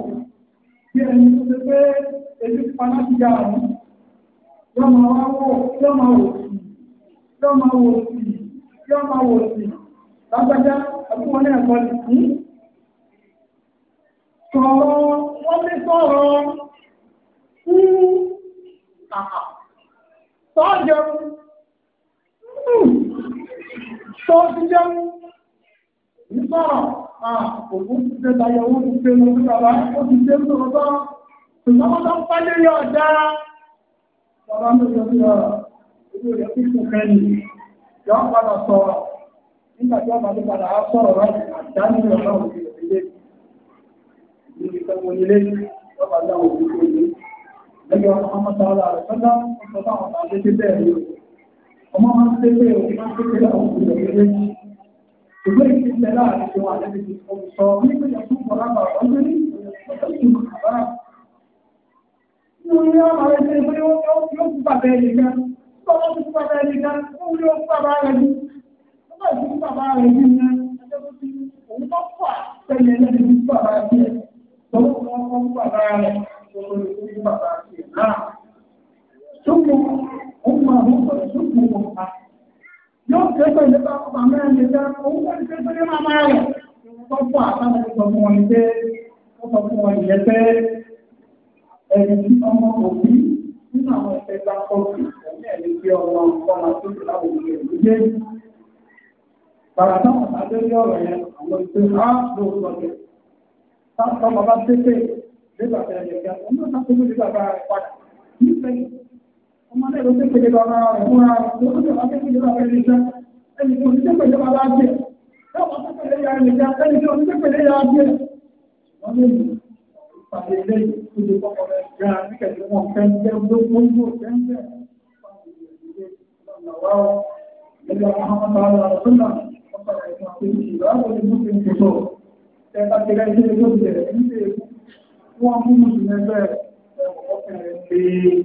bí ẹni tó ṣe pé ebi paná ti yà á yọmọ wá wọ̀ yọmọ wò sí yọmọ wò sí yọmọ wò sí lágbájá àbúwọlé ẹ̀kọ́ lè sí. sọ̀rọ̀ wọ́n lè sọ̀rọ̀ fún àhà sọ́jọ́ tó ti jẹ́ nígbàrọ̀ òkú ti ṣe tayọ owó ti ṣe lọ́dún bàbá ó ti ṣe ń tọrọ tọrọ ń pálé yọ ọ̀dá bàbá ń lọ sí ọ̀rọ̀ ojú rẹ̀ kí kò kẹ́ni padà sọ̀rọ̀ nígbà tí wọ́n padà á sọ̀rọ̀ rẹ̀ àdánilẹ̀ ọmọ máa ń tẹ́lẹ̀ òun máa ń tẹ́lẹ̀ àwọn òṣèlú ẹgbẹ́ ìgbé ìpínlẹ̀ láàrin ìjọ àlejò sọ nípìnlẹ̀ fún bọ̀lábà ọdún ní ìlú kàbára. Ní ọmọ rẹ̀ ṣe pé yóò fún bàbá ẹni kan, bọ́lá fún bàbá ẹni kan, ó ń yóò fún bàbá rẹ̀ jù. Bọ́lá fún bàbá rẹ̀ jù ní òun tó fà tẹ́lẹ̀ lẹ́nu fún bàbá rẹ̀ jù. Tọ́wọ́ kan fún bàbá rẹ̀, ó ń yóò fún bàbá rẹ̀ jù náà ọmọ àwọn ọmọdé tó kù wọn pa yóò ké pẹ̀lú bá ọba mẹ́rin lè dá owó wọn ké pẹ̀lú máa máa rẹ̀ tó fún àtàwọn ọmọ fún wọn pé ó sọ fún wọn yẹ pé ẹni tí ọmọ òbí nínú àwọn ẹgbẹ́ bá kọ́ sí ẹ̀mí ẹ̀ lè gbé ọmọ ọmọ tó kù láwùjọ ìlú yé bàrà táwọn ọ̀sán lórí ọ̀rọ̀ yẹn àwọn ìpè á ló sọ pé táwọn ọmọ bá tẹ́tẹ́ nígbà tẹ̀lé ẹ̀jẹ̀ kí ọmọdé wọ́n lè lò pàdé ilé ìtòjú rẹ̀ ń kótó.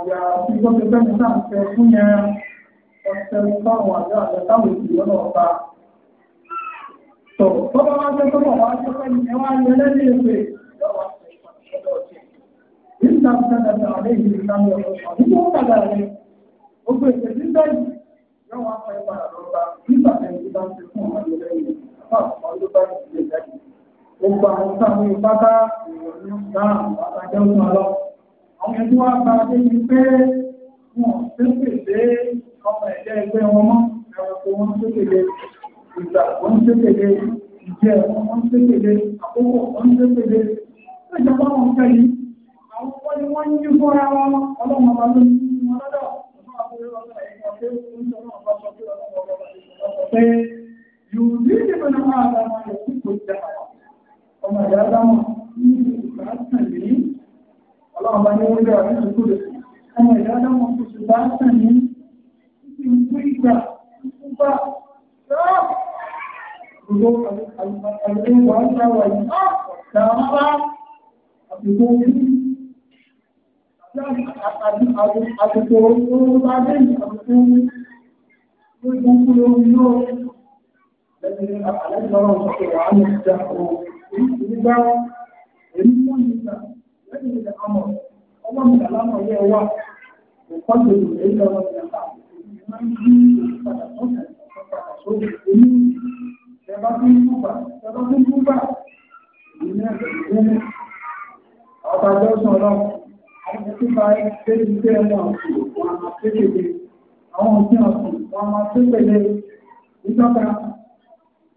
àyà ìgbọ́n tó fẹ́ nígbà tẹ fún yẹn ọ̀sẹ̀ fáwọn àjọ àjọ táwọn èsì lọ́nà ọ̀ba. tó tó bá wá jẹ́ tó bọ̀ wá jẹ́ fẹ́ nìyẹn wá yẹ lẹ́yìn èpè nígbà tó fẹ́ dàgbà àlẹ́ yìí nígbà mi ọ̀sán nígbà ó dàgbà rẹ̀ ó gbé ìpè nígbà yìí yóò wá fẹ́ padà lọ́ba nígbà tẹ̀yìn bá ń ṣe fún ọmọdé lẹ́yìn àbá ọmọdé bá ti ṣe jáde. gbogbo àwọn sáwọn ìpátá ìrọ̀lú dáhùn àtàjẹ́ òun lọ ọmọ ẹni wá bá dé ni pé wọn ṣe pèsè ọmọ ẹ̀dá ẹgbẹ́ wọn mọ́ ẹranko wọn ṣe pèlè ìgbà wọn ṣe pèlè ìjẹ wọn ṣe pèlè àkókò wọn ṣe pèlè ẹjọ́ bá wọn fẹ́ yìí àwọn ọmọ ni wọ́n ń yí fọ́ra wọn ọlọ́mọ bá ló ń yí wọn lọ́dọ̀ pé yóò ní ìdìbò náà máa dáná yóò kó ìjà ọmọ ìyá dáná ní ìgbà tẹ̀lé ọlọ́run bá ní wọ́n lè ọ̀rẹ́ ìṣòkú rẹ̀ ọmọ ìyá ọlọ́run kò sì bá sàn ní títí ìgbé ìgbà púpà gbogbo àlùkò wà ń sáwà yìí ọ̀dà ọ̀pá àbùkù orí àbùkù orí bá dé àbùkù orí ló ẹ̀yìn ilẹ̀ ọmọ ọmọ mi là lánàá yẹ wá ẹ̀kọ́ tó lò lè lọ ọmọ ìyá náà máa ń yí ìpadà sọ́kẹ̀ ìpadà sókè èyí ẹ̀bá tó ń kúbà ẹ̀bá tó ń kúbà èyí náà lè lè ọba jọ́sùn ọlọ́run àwọn ẹ̀sìn bá ẹ̀ ṣe iṣẹ́ ẹ̀wọ̀n wọn máa ṣe kéde àwọn òfin ọ̀sìn wọn máa ṣe pẹ̀lẹ́ ìjọba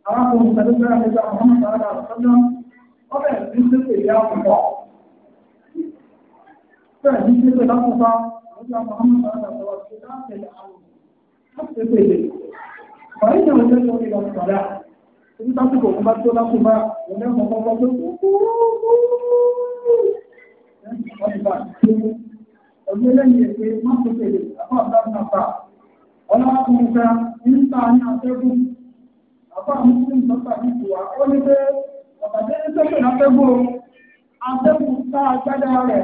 arákùnrin tẹ̀lé fẹ́ràn nígbà ọmọ náà lọ́dọ̀ ọ̀sán náà ní ṣe pẹ̀lẹ́ àwọn فهذه لفظة رجع محمد صلى الله عليه وسلم في العلم حتى في ذلك فإن وجدوا إلى الصلاة ní tásìkò fún bá tó lásù bá wọlé ọmọ kan bá tó ọdìbà tó ọdún lẹ́yìn èpè má tó tèlè àbá àbá náà bá ọlọ́kùnrin ká ń ta ní atẹ́gùn àbá àmúsùn lọ́tà ní ìwà ó ní pé ọ̀tàdé ní sẹ́kẹ̀ látẹ́gùn atẹ́gùn tá a jáde rẹ̀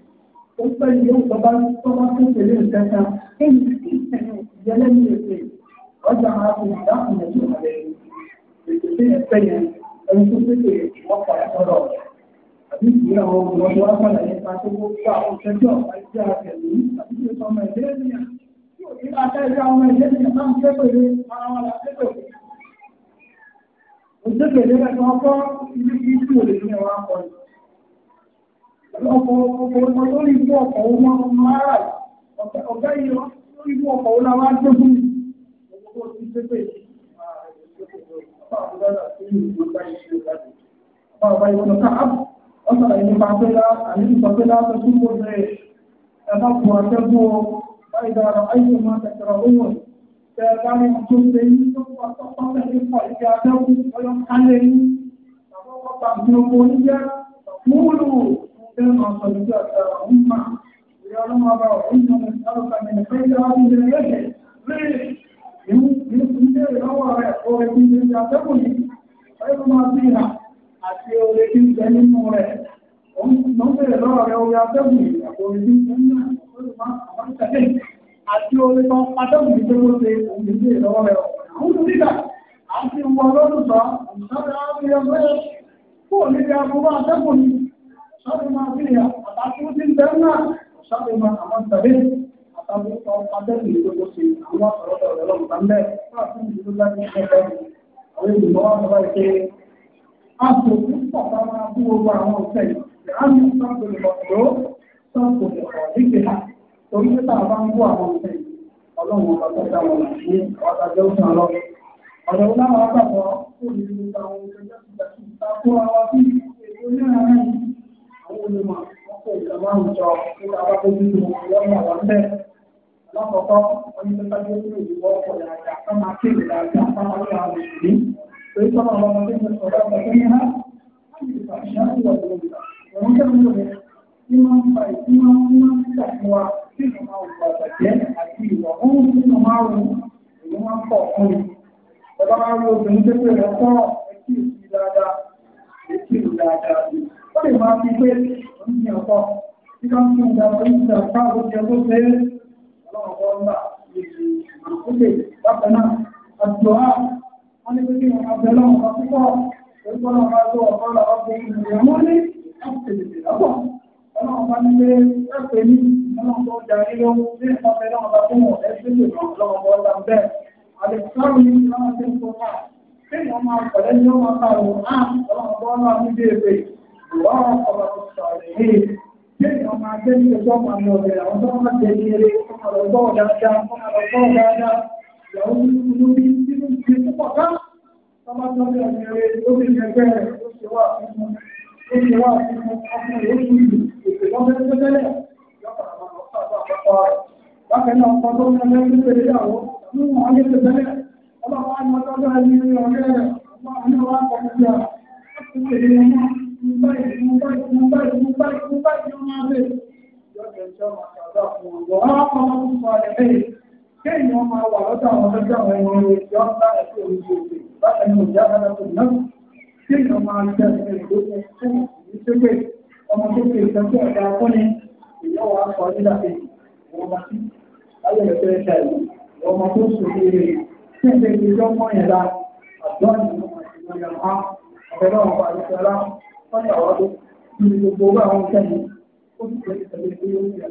ó pẹ́ ní ó tọ́ bá tọ́ tó tẹ̀lé nǹkan kan èyí sì tẹ̀lé ìyẹlẹ́ ní ètò ọjà máa fi ìdáhùn ẹ̀jọ̀ rẹ̀ ètò tí pẹ́ yẹn ẹni tó tẹ̀lé wọ́n padà àbí ìwé àwọn olùwọ́n tó wá padà yẹn tó kó pa òṣèjọ́ àti àti tó sọ ọmọ ẹ̀dẹ́ ènìyàn ọkọ̀ lórí ibú ọkọ̀ owó ọmọ ara ọ̀gá yìí lórí ibú ọkọ̀ owó làwọn ajé fún mi. owó tó ti ṣe pé ọ̀pá ìwọ̀n káà ọ̀sán ẹni pàpẹ́lá àyíkú pàpẹ́lá tó tún mọ́ rẹ̀ ẹ̀dá kù àtẹ́gbọ́ ìdára ayé máa tẹ̀sẹ̀rọ̀ owó tẹ̀ lárí tó ṣe ní tó pọ̀ tó pọ̀ tẹ̀lé pọ̀ ìdí àtẹ́kù ọlọ́kálẹ̀ yìí àwọn ọ̀pá ìgbìmọ̀ oníjẹ́ múlù كما صدقت أمة يا رب إنا نسألك من خير هذه الرحلة من خير الأوى ولكن من تعتبني خير ما فيها àti orí tí ń bẹ nínú rẹ̀ lọ́bẹ̀rẹ̀ lọ́rọ̀ rẹ̀ orí atẹ́gùn àkórí tí ń bẹ nínú rẹ̀ àti orí kan atẹ́gùn tí ó ṣe òun lè lọ́wọ́ rẹ̀ ọ̀hún nígbà àti ìwọ lọ́dún sọ òṣèré àwọn ọmọ ẹ̀ kó níbi agbóhùn atẹ́gùn ni وشر ما فيها وتعطيه في الجنة وشر ما أمرت به àtàwọn ọ̀pọ̀lọpọ̀ ìdókòó sí àwọn ọ̀rọ̀ ọ̀rọ̀ ọ̀gbàmbẹ́ fún ìdílé láti ṣẹlẹ̀ àwọn ìgbìmọ̀ wọn lọ́wọ́ ṣe àtòkù pọ̀pọ̀ máa bú gbogbo àwọn òṣèl ìrántí sọ́ọ̀tò ìbọ̀tò sọ́ọ̀tò ìbọ̀ nígbà torí pé tá a bá ń bú àwọn òṣèl ọlọ́run ọba tó dá wọn ní ọ̀tàjọ́ sàn lọ. ọ̀rọ̀ láwọn akọ̀kọ̀ tó ní gbogbo àwọn òṣèl olùmọ̀ wọ́n kó ìjọba àwùjọ nípa bá tó bí wọn lọ́nà wọn bẹ́ẹ̀. lọ́kọ̀ọ́kọ́ wọ́n ní pẹ́pẹ́ tó kúrò ìwọ ọkọ̀ ìrajà ká máa kí ìrajà ká máa rí àwọn òṣèlú. torí sọ́nà ọmọ ń sọ lọ́kọ̀ tó ní hàn láti ìgbà ìṣẹ́ ìwọ̀ ìwọ̀ mi lòun ní máa ń ń máa ń ṣàfihàn sí ìwọ̀n àwùjọ àgbàjẹ́ àti ìwọ̀ òun nínú márùn-ún èyí máa ń pọ̀ fún mi. ọ̀dọ́ máa ń lo obìnrin tó pè lọ́kọ̀ ẹ̀kí ìsìn dáadáa ẹ̀kí lè máa fi pé oúnjẹ ọ̀pọ̀ tí wọ́n tún ń dáwọ́ oúnjẹ ọ̀pá oúnjẹ tó ṣe é ọlọ́ọ̀pọ̀ ńlá ìgbàlódé bákan náà àjọ á wọ́n ní pé kí wọ́n abẹ lọ́wọ́ kan púpọ̀ orúkọ náà máa lọ ọ̀pọ̀ lọ ọ̀pọ̀ ìrìnàmọ́ ní ọ̀pẹ̀lẹ̀ lọ́pọ̀ ọlọ́run bá ní pé ẹ̀pẹ̀ ní ọlọ́run tó darí ló ní ìpàtẹ náà bá fún wọn ẹgbẹ́ tó náà lọ́wọ́ bọ́ ọ̀la bẹ́ẹ̀ àlẹ́sọ́rù ní ìlànà tó ń kọ́ máa kí wọ́n máa pẹ̀lẹ́ ní ọmọ wọ́n ọba tó sọ̀rọ̀ yìí lẹ́yìn ọmọ akẹ́ ọmọ ọ̀gbọ́ dáadáa ọmọ ọ̀gbọ́ ti púpọ̀ ọmọ mú ọmọ tó fi ìtọ́jú ọ̀dà akọ́ni ìyọ́wọ́ akọ nígbà tí wọ́n bá sí wọ́n ní ọ̀rọ̀ tó ní gbogbo owó àwọn kẹ́ni ó sì tẹ̀lé pé ó ń yẹ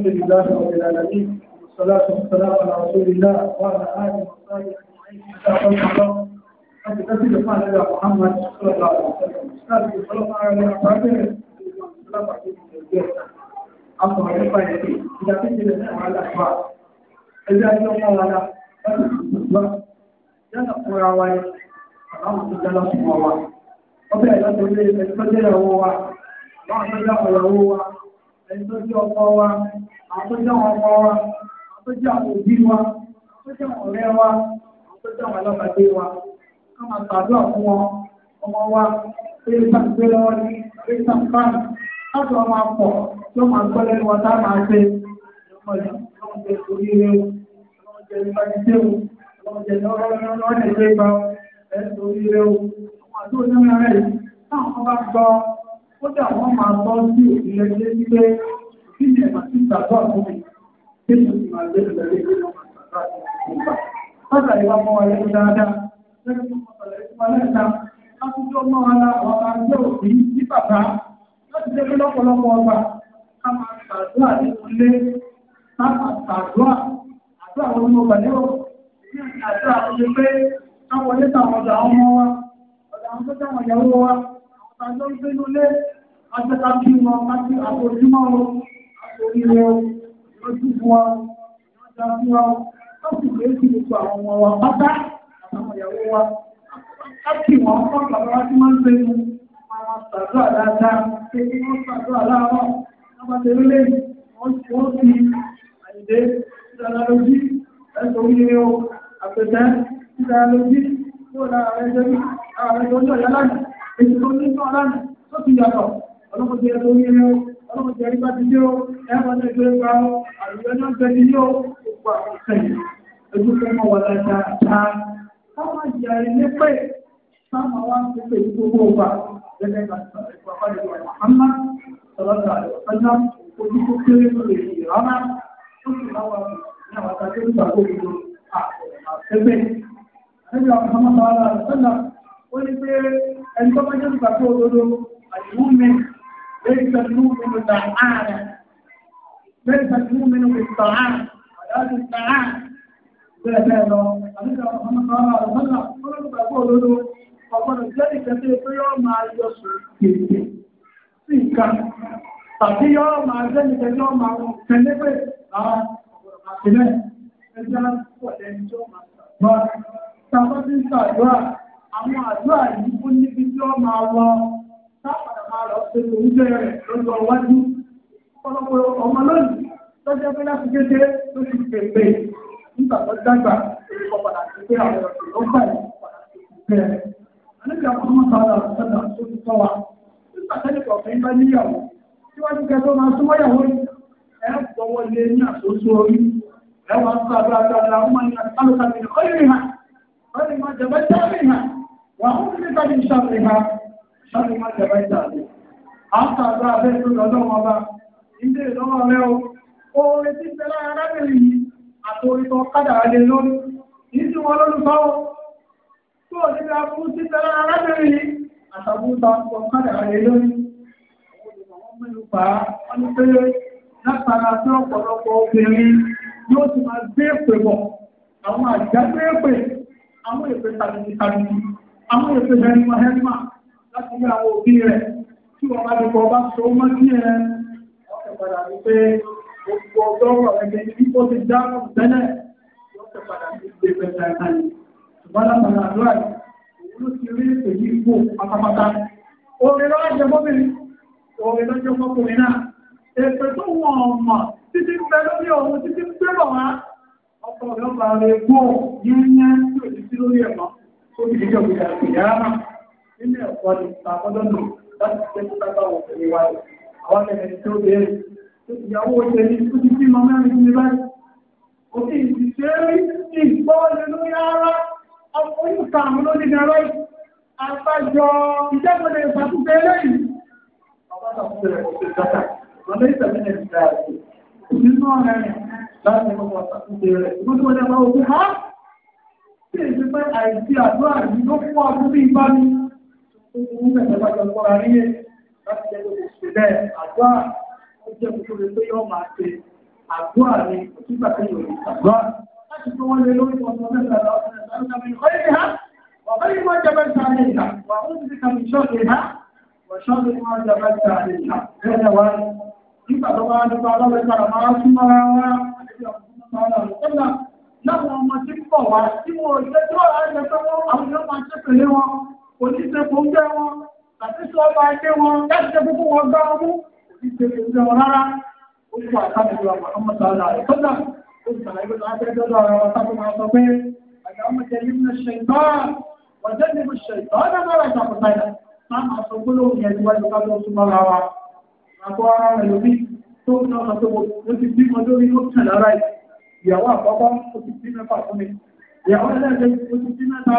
الحمد لله رب العالمين والصلاة والسلام على رسول الله وعلى آله وصحبه أجمعين Àti kẹ́sì lè fún àlejò Muhammad Sọ́lá láti ìfọlọ́pàá ara ní àpáàdé rẹ̀ lọ́pàá tó ti lè gbé ẹ̀ka. A sọ̀rọ̀ nípa ẹ̀sìn ìjà tí ìjìnlẹ̀ náà wà lápá. Ẹgbẹ́ ajé ọmọ wa la láti ṣùgbọ́n yálà fúnra wa ni àwọn tó jẹ́ lọ́sùn wa. Ọbẹ̀ ìlọ́sọ̀rọ̀ ilé ẹ̀sìn tó jẹ́ ìyàwó wa, wọ́n á tó jẹ́ ọ̀yàwó wa ẹni ọkọ wa àwọn ọkọ wa àwọn òbí wa àwọn ọ̀rẹ́ wa àwọn tó wa ká máa ṣàdúrà fún wọn ọmọ wa pé sàǹgbé lọ́wọ́ ní pé sàǹfààní láti ọmọ akọ yóò máa gbọ́ lẹ́nu wọn tá a máa ṣe ọmọdé ọmọdé oríire ọmọdé ìbánisẹ́ ọmọdé lọ́rọ́ lọ́rọ́ ẹ̀ṣẹ̀ ìbá ẹ̀ kódà wọ́n máa lọ sí òṣìṣẹ́ ilé wípé kí ni ẹ̀mà sí ìtàgbọ́ àkómi kí ni òṣìṣẹ́ máa gbé ìgbàlẹ́ ìgbé lọ́mọ ìgbàlẹ́ ìgbà. Bàtà ìwà mọ́ wa lẹ́yìn dáadáa, lẹ́yìn tó mọ́ tọ̀lẹ́ ìfún wa lẹ́ta, lákòókò mọ́ wa la àwọn máa láti jẹ́ pé lọ́pọ̀lọpọ̀ ọgbà ká máa ṣàdúrà nínú ilé, ká máa àdúrà wọn ni mo gbà lérò ní àdúrà tó ṣe pé káwọn ilé tàwọn ọ̀dà ọmọ wa, ọ̀dà àwọn tó tẹ̀wọ̀n ìyàwó wa, àwọn tàjọ́ ń gbénú lé Ajẹ́ká kí wọn láti àbójúmọ́ wọn, àbórí wọn, lójú wọn, lọ́jà sí wọn, láti lè fi gbogbo àwọn ọmọ wa pátá àtàwọn ìyàwó wa. Láti wọn kọ́ bàbá wa tí wọ́n ń gbé mu, àwọn ṣàdúrà dáadáa, ṣe kí wọ́n ṣàdúrà láàárọ̀, lábàtẹ́ lélẹ̀, wọ́n ti wọ́n fi àyíndé ìdánilójú ẹ̀sọ́ oríire o, àpẹtẹ ìdánilójú yóò lára rẹ̀ jẹ́ bí, ara rẹ̀ jọjọ́ ìyá lánàá, èsì tó ní ọlọ́mọdé ẹ̀tọ́ ní ẹ̀rọ ọlọ́mọdé ẹ̀rí bá ti dé ó ẹ̀rọ ní ẹgbẹ́ ẹgbà ó àrùyọ náà bẹ ní yóò gbogbo àwọn ìṣẹ̀yìn ẹgbẹ́ fẹ́ mọ̀ wọ́n láta ta káwọn ìyá rẹ̀ ní pé káwọn wá ń fi pè ní gbogbo ọgbà gẹ́gẹ́ bá ti sọ̀rọ̀ ìpàkọ́ Wọ́n ní pé ẹni tó bá jẹ́ ìgbàgbọ́ òdodo, àìwú mẹ́rin ليس المؤمن بالعالة ليس المؤمن بالطعام ولا بالطعام بهذا النبي محمد صلى الله عليه وسلم قال تقول له فقد ذلك في يوم مع يوسف سيكا tàbí yọ́ máa jẹ́ni tẹ́jọ́ máa wọn tẹ́lé pé àwọn àṣìlẹ̀ ẹja pọ̀ lẹ́ni tó máa gbọ́. Tàbá ti ń ṣàdúrà, àwọn àdúrà yìí ó níbi tí ó máa lọ. Tábà lọ sí oúnjẹ rẹ̀ lọ́jọ́ iwájú. ọ̀pọ̀lọpọ̀ ọmọ lónìí lọ́jọ́ pé láti kékeré ló ti pèpè nígbà tó dàgbà orúkọ padà sí pé àwọn ọ̀sẹ̀ ló gbà yìí padà sí ìpínlẹ̀ rẹ̀. àníkà ọmọ sọ̀rọ̀ sọ̀rọ̀ tó ti sọ wa nígbà tẹ́lẹ̀ kọ̀ọ̀kan bá níyàwó máa súnmọ́ yàwó ẹ̀ gbọ́wọ́ lé ní àtúnṣe orí ẹ̀ wá sọ àgbàlagbà ọmọ ní àtàlùkà mi ọ̀rẹ́ mi ní ìṣàfihàn láti má jẹba ìjà àti àtà àgbà abẹ́ tó lọ́dọ̀ wọn bá ilé ìlọ́wọ́ rẹ o oore tí bẹ́lá arábìnrin yìí àti orítọ́ kádàrá lé lórí yìí tí wọn lólùfọ́ o tó o ti ra fún tí bẹ́lá arábìnrin yìí àtàbùtà ọkọ̀ kádàrá lé lórí àwọn olùmọ̀wọ́n mẹ́lú bá wọn ní pé látara tí ọ̀pọ̀lọpọ̀ obìnrin yóò ti máa gbé láti rí àwọn òbí rẹ̀ tí wọ́n bá dùkọ̀ bá so mọ́ sí ẹ̀ ọ̀kẹ́ padà ní pé gbogbo ọgọ́rọ̀ ẹgbẹ́ ní kó ti dáhùn tẹ́lẹ̀ ọ̀kẹ́ padà ní pé pẹ̀lú ẹ̀ka yìí ṣùgbọ́n látara àdúrà yìí òun ló ti rí èyí ipò pátápátá orin ló jẹ mọ́bìnrin orin ló jẹ mọ́kùnrin náà èpè tó wọ̀n ọ̀mọ̀ títí ń bẹ lórí òun títí ń gbé bọ̀ wá ọkọ̀ ọ̀dọ́ bàrẹ̀ gbọ́ yẹn yẹn tí ò nínú ẹ̀kọ́ ni àkọ́dọ́ nù láti ṣe kí bàbá wò fún wa rẹ̀ àwọn ẹ̀rẹ̀ tó béèrè ìyàwó ṣe ní kú ti bímọ mẹ́rin ní báyìí kò sí ìṣiṣẹ́ rí ní ìgbọ́wọ́lẹ̀ lórí ara ọkọ̀ yóò ka àwọn olódìní ara yìí àgbàjọ ìjẹ́gbẹ̀rẹ̀ ìfàkúgbẹ̀ lẹ́yìn ọgbàdàn fún ẹ̀kọ́ tó dáta lọ́lẹ́ ìtẹ̀lẹ́ ìgbà àti nínú ọ̀rẹ́ rẹ̀ láti ọmọ àtàkùnjẹ rẹ̀ gbogbo ọjọ́ fún ha sí ìṣẹ́fẹ́ àìsí àdúrà tuntun nígbà tó bá jọ kọ́ra níyè láti jẹ́ kó ṣe bẹ́ẹ̀ àdúrà ó jẹ́ kó tó lè pé yọ́ máa ṣe àdúrà ni òtúgbà tó yọ̀ ní àdúrà. láti tó wọ́n lé lórí ọ̀sán mẹ́ta lọ́sẹ̀ وخير ما جبلت عليها وأعوذ بك من شرها وشر ما جبلت عليها هذا واحد nígbà tó bá ní bá lọ́wọ́ ìpàdà máa súnmọ́ ara wa àti ọ̀pọ̀lọpọ̀ ọ̀la ìtọ́lá láwọn ọmọ tí pọ̀ wá tí wọ́n ò jẹ́ tí wọ́n á jẹ́ pé wọ́n kò ìyàwó àkọ́kọ́ ó mẹ́fà fún mi ìyàwó ẹlẹ́gbẹ̀ẹ́ ó mẹ́ta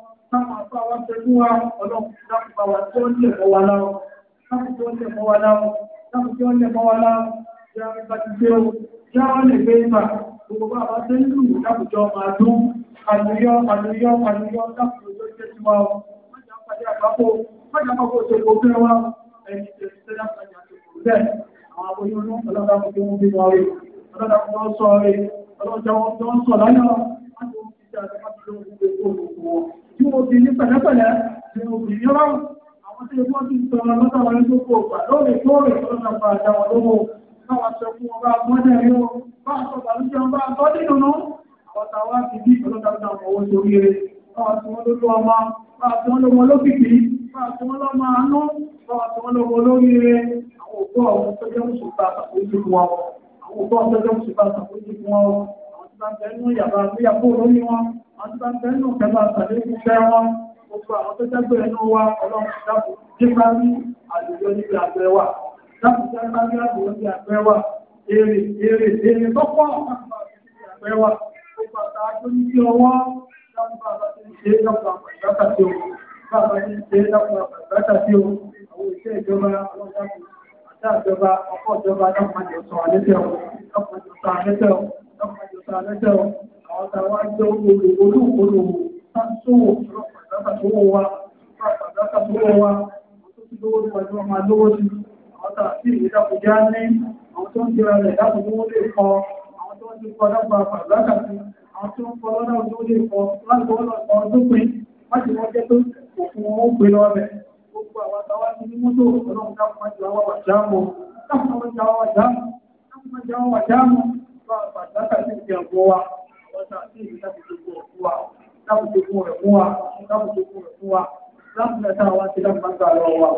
táwọn àpá wa pẹ̀lú wa ọlọ́run dákùnbà wa tí ó lè mọ́ wa lárọ́ dákùn tí lè mọ́ wa lárọ́ dákùn tí lè mọ́ wa lárọ́ yá wọn bá ti gbé o yá wọn lè gbé ibà gbogbo bá wa tẹ́ lù dákùjọ máa dún àlùyọ àlùyọ àlùyọ dákùn tó jẹ́ ti wa o mọ́jà pàdé àpapọ̀ mọ́jà pàpọ̀ tó kò fẹ́ wa ẹni tẹ̀síṣẹ́ dákùnjà tó kò fẹ́ àwọn aboyún ọlọ́dà kò tó ń bí wọn rí ọlọ́dà kò ń sọ rí ọlọ́dà kò tó ń sọ láyọ̀ tí mo fi ní pẹ̀lẹ́pẹ̀lẹ́ tí mo fi ní àwọn tí wọ́n ti ń tọrọ lọ́sọ̀ wọn ní gbogbo ọgbà lóòrè kóòrè lọ́nà ọgbà àdáwọn lówó káwọn sọ fún ọba mọ́dẹ̀ rí o bá sọ bàlújẹ ọba àtọ́ nínú nù àwọn táwa ti bí ìfọlọ́dàgbà owó sórí rẹ̀ bá àwọn tí bá bẹnu kẹfà tàbí ìfẹ́ wọn gbogbo àwọn tó jẹ́gbẹ́ ẹnu wa ọlọ́run dákun jípa ní àlùjọ níbi àgbẹ̀ wa dákun jẹ́pá ní àlùjọ níbi àgbẹ̀ wa èrè èrè èrè tó pọ̀ àgbẹ̀ wa gbogbo àtà tó ní bí ọwọ́ dákun bàbá ti ń ṣe dákun àpàtàkà sí o bàbá ìjọba ọkọ̀ ìjọba lọ́kàn ìjọba lẹ́jọ́ àwọn táwa jẹ́ olùkóló sásòwò pàtàkàtòwò wa pàtàkàtòwò wa tó ti lówó nípa tí wọ́n máa lówó sí àwọn tá a sì rí dákòjá ní àwọn tó ń jẹra rẹ̀ dákòjówó lè kọ àwọn tó ń ti kọ dápò àpàlákàtì àwọn tó ń kọ lọ́dọ̀ tó lè kọ láti wọ́n lọ kọ ọdún pin láti wọ́n jẹ́ tó òfin wọn ó bá pàtàkì àti ìdí ọ̀gbọ́ wa ọ̀tà àti ìdí lábùjọ́gbọ́ ọ̀fún wa lábùjọ́gbọ́ rẹ̀ fún wa lábùjọ́gbọ́ rẹ̀ fún wa lábùjọ́ta wa ti lábùjọ́gbà lọ́wọ́ wa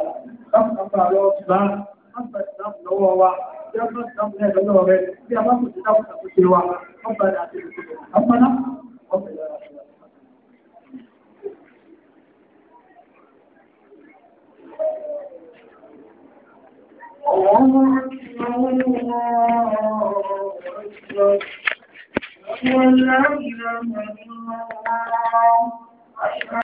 lábùjọ́gbà lọ́wọ́ ti bá lábùjọ́gbà lọ́wọ́ wa lábùjọ́gbà lọ́wọ́ rẹ̀ bí a bá kò sí lábùjọ́gbà wa ọ̀gbà àti ìdí ọ̀gbà الله الله أكبر أشهد أن لا إله إلا الله